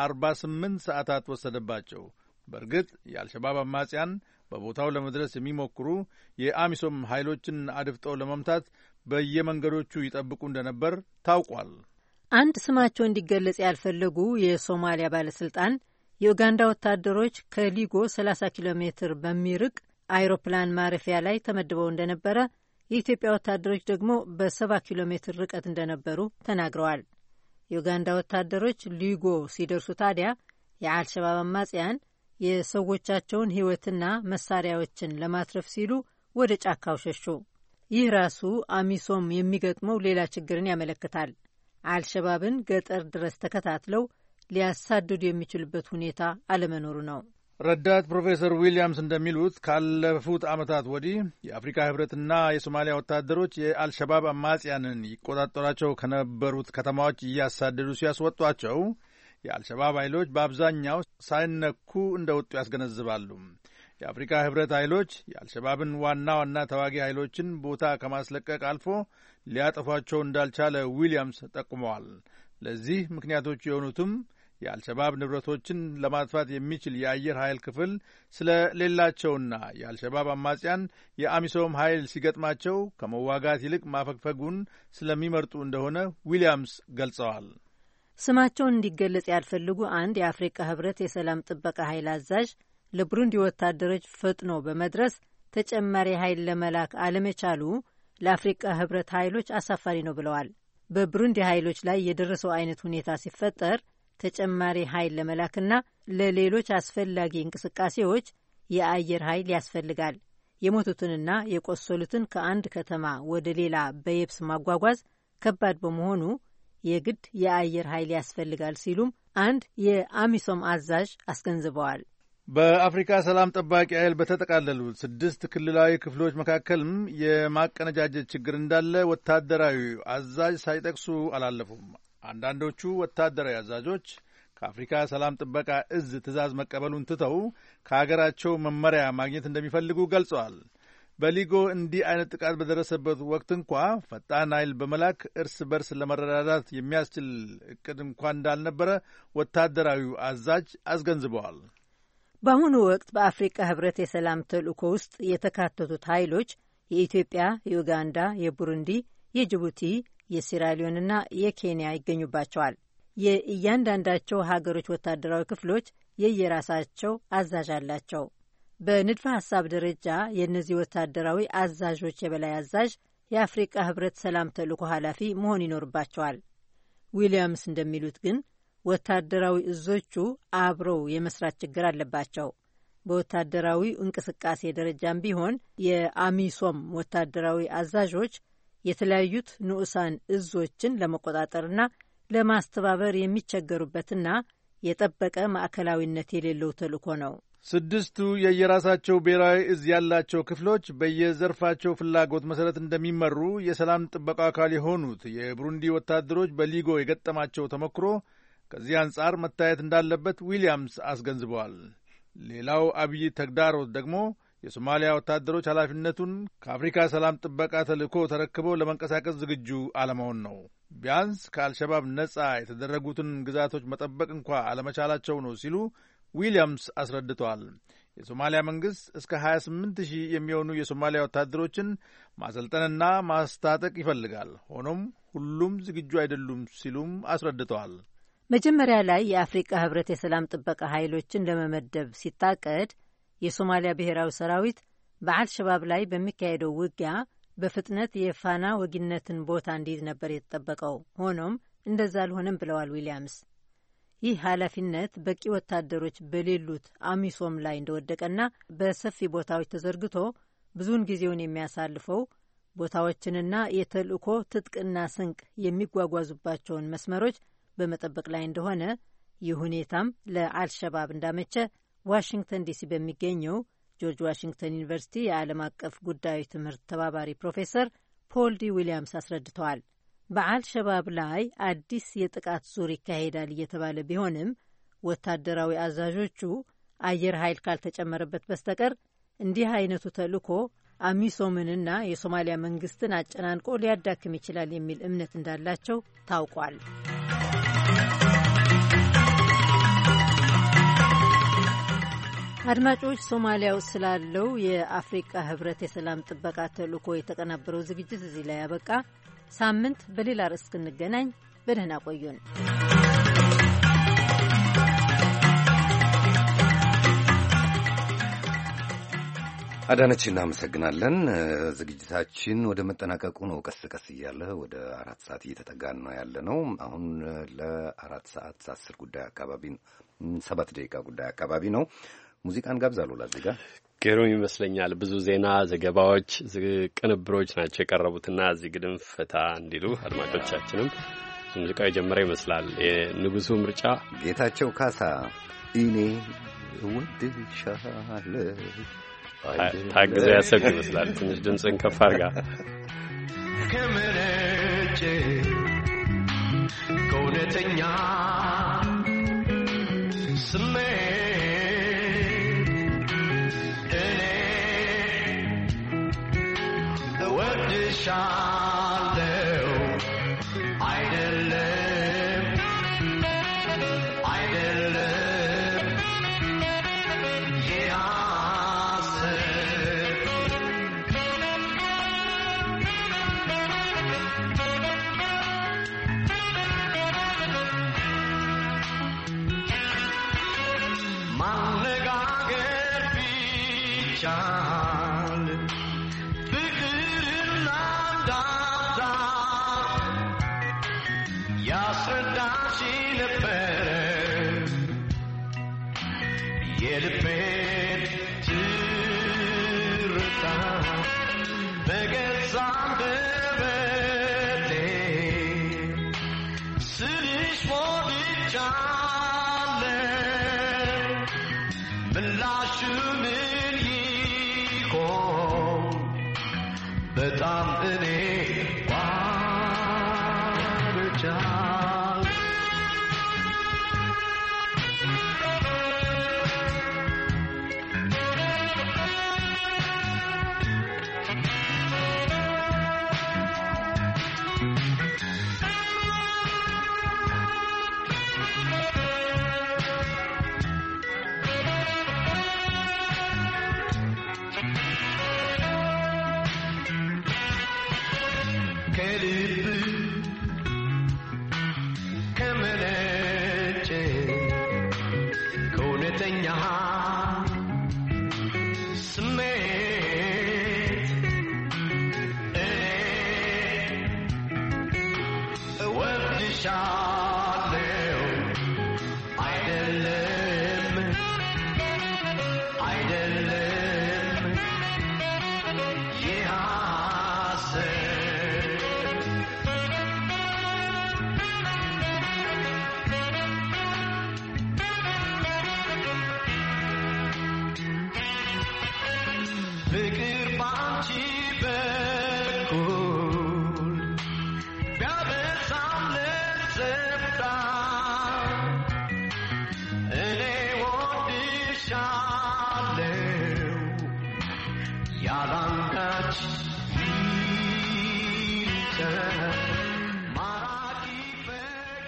አርባ ስምንት ሰዓታት ወሰደባቸው። በእርግጥ የአልሸባብ አማጽያን በቦታው ለመድረስ የሚሞክሩ የአሚሶም ኃይሎችን አድፍጠው ለመምታት በየመንገዶቹ ይጠብቁ እንደነበር ታውቋል። አንድ ስማቸው እንዲገለጽ ያልፈለጉ የሶማሊያ ባለስልጣን የኡጋንዳ ወታደሮች ከሊጎ 30 ኪሎ ሜትር በሚርቅ አይሮፕላን ማረፊያ ላይ ተመድበው እንደነበረ፣ የኢትዮጵያ ወታደሮች ደግሞ በ70 ኪሎ ሜትር ርቀት እንደነበሩ ተናግረዋል። የኡጋንዳ ወታደሮች ሊጎ ሲደርሱ ታዲያ የአልሸባብ አማጽያን የሰዎቻቸውን ሕይወትና መሳሪያዎችን ለማትረፍ ሲሉ ወደ ጫካው ሸሹ። ይህ ራሱ አሚሶም የሚገጥመው ሌላ ችግርን ያመለክታል። አልሸባብን ገጠር ድረስ ተከታትለው ሊያሳድዱ የሚችሉበት ሁኔታ አለመኖሩ ነው። ረዳት ፕሮፌሰር ዊልያምስ እንደሚሉት ካለፉት ዓመታት ወዲህ የአፍሪካ ህብረትና የሶማሊያ ወታደሮች የአልሸባብ አማጽያንን ይቆጣጠሯቸው ከነበሩት ከተማዎች እያሳደዱ ሲያስወጧቸው የአልሸባብ ኃይሎች በአብዛኛው ሳይነኩ እንደ ወጡ ያስገነዝባሉ። የአፍሪካ ህብረት ኃይሎች የአልሸባብን ዋና ዋና ተዋጊ ኃይሎችን ቦታ ከማስለቀቅ አልፎ ሊያጠፏቸው እንዳልቻለ ዊሊያምስ ጠቁመዋል። ለዚህ ምክንያቶቹ የሆኑትም የአልሸባብ ንብረቶችን ለማጥፋት የሚችል የአየር ኃይል ክፍል ስለሌላቸውና የአልሸባብ አማጽያን የአሚሶም ኃይል ሲገጥማቸው ከመዋጋት ይልቅ ማፈግፈጉን ስለሚመርጡ እንደሆነ ዊሊያምስ ገልጸዋል። ስማቸውን እንዲገለጽ ያልፈልጉ አንድ የአፍሪካ ህብረት የሰላም ጥበቃ ኃይል አዛዥ ለቡሩንዲ ወታደሮች ፈጥኖ በመድረስ ተጨማሪ ኃይል ለመላክ አለመቻሉ ለአፍሪቃ ህብረት ኃይሎች አሳፋሪ ነው ብለዋል። በብሩንዲ ኃይሎች ላይ የደረሰው አይነት ሁኔታ ሲፈጠር ተጨማሪ ኃይል ለመላክና ለሌሎች አስፈላጊ እንቅስቃሴዎች የአየር ኃይል ያስፈልጋል። የሞቱትንና የቆሰሉትን ከአንድ ከተማ ወደ ሌላ በየብስ ማጓጓዝ ከባድ በመሆኑ የግድ የአየር ኃይል ያስፈልጋል ሲሉም አንድ የአሚሶም አዛዥ አስገንዝበዋል። በአፍሪካ ሰላም ጠባቂ ኃይል በተጠቃለሉ ስድስት ክልላዊ ክፍሎች መካከልም የማቀነጃጀት ችግር እንዳለ ወታደራዊ አዛዥ ሳይጠቅሱ አላለፉም። አንዳንዶቹ ወታደራዊ አዛዦች ከአፍሪካ ሰላም ጥበቃ እዝ ትዕዛዝ መቀበሉን ትተው ከሀገራቸው መመሪያ ማግኘት እንደሚፈልጉ ገልጸዋል። በሊጎ እንዲህ አይነት ጥቃት በደረሰበት ወቅት እንኳ ፈጣን ኃይል በመላክ እርስ በርስ ለመረዳዳት የሚያስችል እቅድ እንኳ እንዳልነበረ ወታደራዊው አዛዥ አስገንዝበዋል። በአሁኑ ወቅት በአፍሪካ ህብረት የሰላም ተልእኮ ውስጥ የተካተቱት ኃይሎች የኢትዮጵያ፣ የኡጋንዳ፣ የቡሩንዲ፣ የጅቡቲ፣ የሲራሊዮንና የኬንያ ይገኙባቸዋል። የእያንዳንዳቸው ሀገሮች ወታደራዊ ክፍሎች የየራሳቸው አዛዥ አላቸው። በንድፈ ሐሳብ ደረጃ የእነዚህ ወታደራዊ አዛዦች የበላይ አዛዥ የአፍሪቃ ህብረት ሰላም ተልእኮ ኃላፊ መሆን ይኖርባቸዋል። ዊሊያምስ እንደሚሉት ግን ወታደራዊ እዞቹ አብረው የመስራት ችግር አለባቸው። በወታደራዊ እንቅስቃሴ ደረጃም ቢሆን የአሚሶም ወታደራዊ አዛዦች የተለያዩት ንዑሳን እዞችን ለመቆጣጠርና ለማስተባበር የሚቸገሩበትና የጠበቀ ማዕከላዊነት የሌለው ተልእኮ ነው። ስድስቱ የየራሳቸው ብሔራዊ እዝ ያላቸው ክፍሎች በየዘርፋቸው ፍላጎት መሰረት እንደሚመሩ የሰላም ጥበቃ አካል የሆኑት የቡሩንዲ ወታደሮች በሊጎ የገጠማቸው ተሞክሮ ከዚህ አንጻር መታየት እንዳለበት ዊሊያምስ አስገንዝበዋል። ሌላው አብይ ተግዳሮት ደግሞ የሶማሊያ ወታደሮች ኃላፊነቱን ከአፍሪካ ሰላም ጥበቃ ተልእኮ ተረክበው ለመንቀሳቀስ ዝግጁ አለመሆን ነው። ቢያንስ ከአልሸባብ ነጻ የተደረጉትን ግዛቶች መጠበቅ እንኳ አለመቻላቸው ነው ሲሉ ዊሊያምስ አስረድተዋል። የሶማሊያ መንግሥት እስከ 28 ሺህ የሚሆኑ የሶማሊያ ወታደሮችን ማሰልጠንና ማስታጠቅ ይፈልጋል። ሆኖም ሁሉም ዝግጁ አይደሉም ሲሉም አስረድተዋል። መጀመሪያ ላይ የአፍሪቃ ህብረት የሰላም ጥበቃ ኃይሎችን ለመመደብ ሲታቀድ የሶማሊያ ብሔራዊ ሰራዊት በአልሸባብ ላይ በሚካሄደው ውጊያ በፍጥነት የፋና ወጊነትን ቦታ እንዲይዝ ነበር የተጠበቀው። ሆኖም እንደዛ አልሆነም ብለዋል ዊሊያምስ። ይህ ኃላፊነት በቂ ወታደሮች በሌሉት አሚሶም ላይ እንደወደቀና በሰፊ ቦታዎች ተዘርግቶ ብዙውን ጊዜውን የሚያሳልፈው ቦታዎችንና የተልእኮ ትጥቅና ስንቅ የሚጓጓዙባቸውን መስመሮች በመጠበቅ ላይ እንደሆነ፣ ይህ ሁኔታም ለአልሸባብ እንዳመቸ ዋሽንግተን ዲሲ በሚገኘው ጆርጅ ዋሽንግተን ዩኒቨርሲቲ የዓለም አቀፍ ጉዳዮች ትምህርት ተባባሪ ፕሮፌሰር ፖል ዲ ዊሊያምስ አስረድተዋል። በአልሸባብ ላይ አዲስ የጥቃት ዙር ይካሄዳል እየተባለ ቢሆንም ወታደራዊ አዛዦቹ አየር ኃይል ካልተጨመረበት በስተቀር እንዲህ አይነቱ ተልእኮ አሚሶምንና የሶማሊያ መንግስትን አጨናንቆ ሊያዳክም ይችላል የሚል እምነት እንዳላቸው ታውቋል። አድማጮች፣ ሶማሊያ ውስጥ ስላለው የአፍሪቃ ህብረት የሰላም ጥበቃ ተልእኮ የተቀናበረው ዝግጅት እዚህ ላይ ያበቃ። ሳምንት በሌላ ርዕስ እስክንገናኝ በደህና ቆዩን። አዳነች እናመሰግናለን። ዝግጅታችን ወደ መጠናቀቁ ነው። ቀስ ቀስ እያለ ወደ አራት ሰዓት እየተጠጋን ነው ያለ ነው። አሁን ለአራት ሰዓት አስር ጉዳይ አካባቢ ሰባት ደቂቃ ጉዳይ አካባቢ ነው። ሙዚቃን ጋብዛሉ። ላዚጋ ግሩም ይመስለኛል። ብዙ ዜና ዘገባዎች፣ ቅንብሮች ናቸው የቀረቡትና እዚህ ግድም ፈታ እንዲሉ አድማጮቻችንም ሙዚቃ የጀመረ ይመስላል። የንጉሱ ምርጫ ጌታቸው ካሳ እኔ እወድሻለሁ ታግዘ ያሰብ ይመስላል። ትንሽ ድምፅን ከፍ አድርጋ ከምንጭ ከእውነተኛ ስሜ Perişanım Ayrılık Ayrılık Rüyası எடுப்பேன் சீர்தான்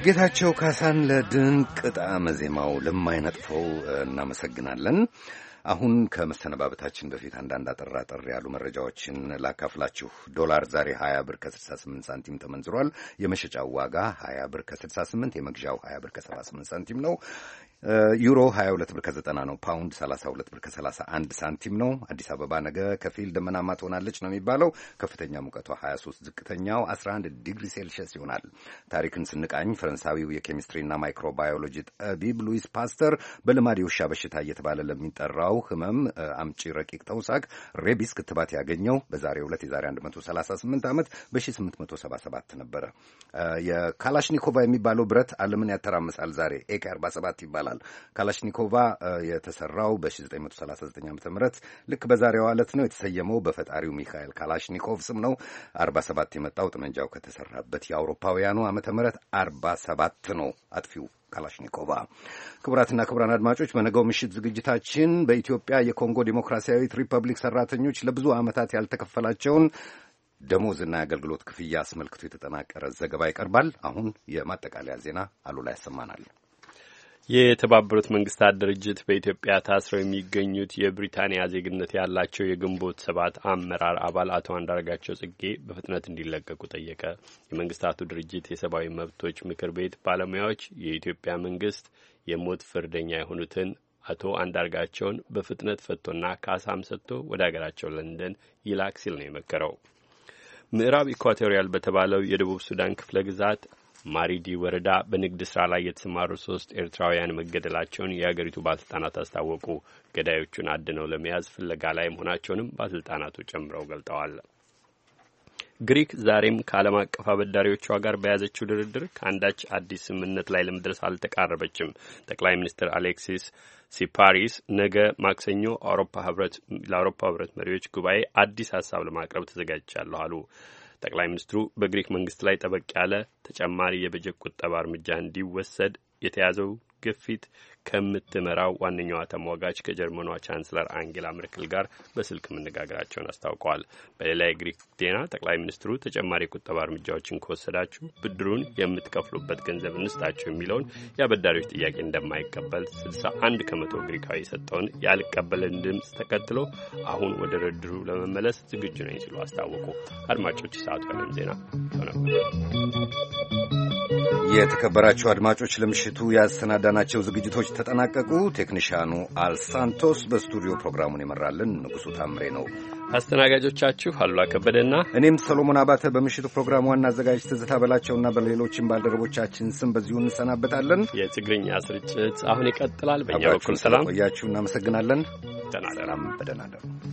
ጌታቸው ካሳን ለድንቅ ጣዕመ ዜማው ለማይነጥፈው እናመሰግናለን። አሁን ከመሰነባበታችን በፊት አንዳንድ አጠራጠር ያሉ መረጃዎችን ላካፍላችሁ። ዶላር ዛሬ 20 ብር ከ68 ሳንቲም ተመንዝሯል። የመሸጫው ዋጋ 20 ብር ከ68፣ የመግዣው 20 ብር ከ78 ሳንቲም ነው። ዩሮ 22 ብር ከ90 ነው። ፓውንድ 32 ብር ከ31 ሳንቲም ነው። አዲስ አበባ ነገ ከፊል ደመናማ ትሆናለች ነው የሚባለው። ከፍተኛ ሙቀቷ 23፣ ዝቅተኛው 11 ዲግሪ ሴልሽየስ ይሆናል። ታሪክን ስንቃኝ ፈረንሳዊው የኬሚስትሪና ማይክሮባዮሎጂ ጠቢብ ሉዊስ ፓስተር በልማድ የውሻ በሽታ እየተባለ ለሚጠራው ህመም አምጪ ረቂቅ ተውሳክ ሬቢስ ክትባት ያገኘው በዛሬው ዕለት የዛሬ 138 ዓመት በ1877 ነበረ። የካላሽኒኮቫ የሚባለው ብረት ዓለምን ያተራምሳል ዛሬ ኤኬ 47 ይባላል። ይላል። ካላሽኒኮቫ የተሰራው በ1939 ዓ ም ልክ በዛሬው ዕለት ነው። የተሰየመው በፈጣሪው ሚካኤል ካላሽኒኮቭ ስም ነው። 47 የመጣው ጠመንጃው ከተሰራበት የአውሮፓውያኑ ዓመተ ምህረት 47 ነው አጥፊው ካላሽኒኮቫ። ክቡራትና ክቡራን አድማጮች በነገው ምሽት ዝግጅታችን በኢትዮጵያ የኮንጎ ዴሞክራሲያዊት ሪፐብሊክ ሰራተኞች ለብዙ ዓመታት ያልተከፈላቸውን ደሞዝና የአገልግሎት ክፍያ አስመልክቶ የተጠናቀረ ዘገባ ይቀርባል። አሁን የማጠቃለያ ዜና አሉላ ያሰማናል። የተባበሩት መንግስታት ድርጅት በኢትዮጵያ ታስረው የሚገኙት የብሪታንያ ዜግነት ያላቸው የግንቦት ሰባት አመራር አባል አቶ አንዳርጋቸው ጽጌ በፍጥነት እንዲለቀቁ ጠየቀ። የመንግስታቱ ድርጅት የሰብአዊ መብቶች ምክር ቤት ባለሙያዎች የኢትዮጵያ መንግስት የሞት ፍርደኛ የሆኑትን አቶ አንዳርጋቸውን በፍጥነት ፈቶና ካሳም ሰጥቶ ወደ አገራቸው ለንደን ይላክ ሲል ነው የመከረው። ምዕራብ ኢኳቶሪያል በተባለው የደቡብ ሱዳን ክፍለ ግዛት ማሪዲ ወረዳ በንግድ ስራ ላይ የተሰማሩ ሶስት ኤርትራውያን መገደላቸውን የአገሪቱ ባለስልጣናት አስታወቁ። ገዳዮቹን አድነው ለመያዝ ፍለጋ ላይ መሆናቸውንም ባለስልጣናቱ ጨምረው ገልጠዋል። ግሪክ ዛሬም ከዓለም አቀፍ አበዳሪዎቿ ጋር በያዘችው ድርድር ከአንዳች አዲስ ስምምነት ላይ ለመድረስ አልተቃረበችም። ጠቅላይ ሚኒስትር አሌክሲስ ሲፓሪስ ነገ ማክሰኞ አውሮፓ ህብረት ለአውሮፓ ህብረት መሪዎች ጉባኤ አዲስ ሀሳብ ለማቅረብ ተዘጋጅቻለሁ አሉ። ጠቅላይ ሚኒስትሩ በግሪክ መንግስት ላይ ጠበቅ ያለ ተጨማሪ የበጀት ቁጠባ እርምጃ እንዲወሰድ የተያዘው ግፊት ከምትመራው ዋነኛዋ ተሟጋች ከጀርመኗ ቻንስለር አንጌላ መርክል ጋር በስልክ መነጋገራቸውን አስታውቀዋል። በሌላ የግሪክ ዜና ጠቅላይ ሚኒስትሩ ተጨማሪ የቁጠባ እርምጃዎችን ከወሰዳችሁ ብድሩን የምትከፍሉበት ገንዘብ እንስጣቸው የሚለውን የአበዳሪዎች ጥያቄ እንደማይቀበል 61 ከመቶ ግሪካዊ የሰጠውን ያልቀበልን ድምፅ ተከትሎ አሁን ወደ ድርድሩ ለመመለስ ዝግጁ ነኝ ሲሉ አስታወቁ። አድማጮች፣ ሰዓቱ ያለም ዜና ነበር። የተከበራችሁ አድማጮች ለምሽቱ ያሰናዳናቸው ዝግጅቶች ተጠናቀቁ። ቴክኒሻኑ አልሳንቶስ በስቱዲዮ ፕሮግራሙን የመራልን ንጉሡ ታምሬ ነው። አስተናጋጆቻችሁ አሉላ ከበደና እኔም ሰሎሞን አባተ በምሽቱ ፕሮግራም ዋና አዘጋጅ ትዝታ በላቸውና በሌሎችም ባልደረቦቻችን ስም በዚሁ እንሰናበታለን። የትግርኛ ስርጭት አሁን ይቀጥላል። በእኛ በኩል ሰላም ቆያችሁ። እናመሰግናለን። ሰላም፣ በደህና እደሩ።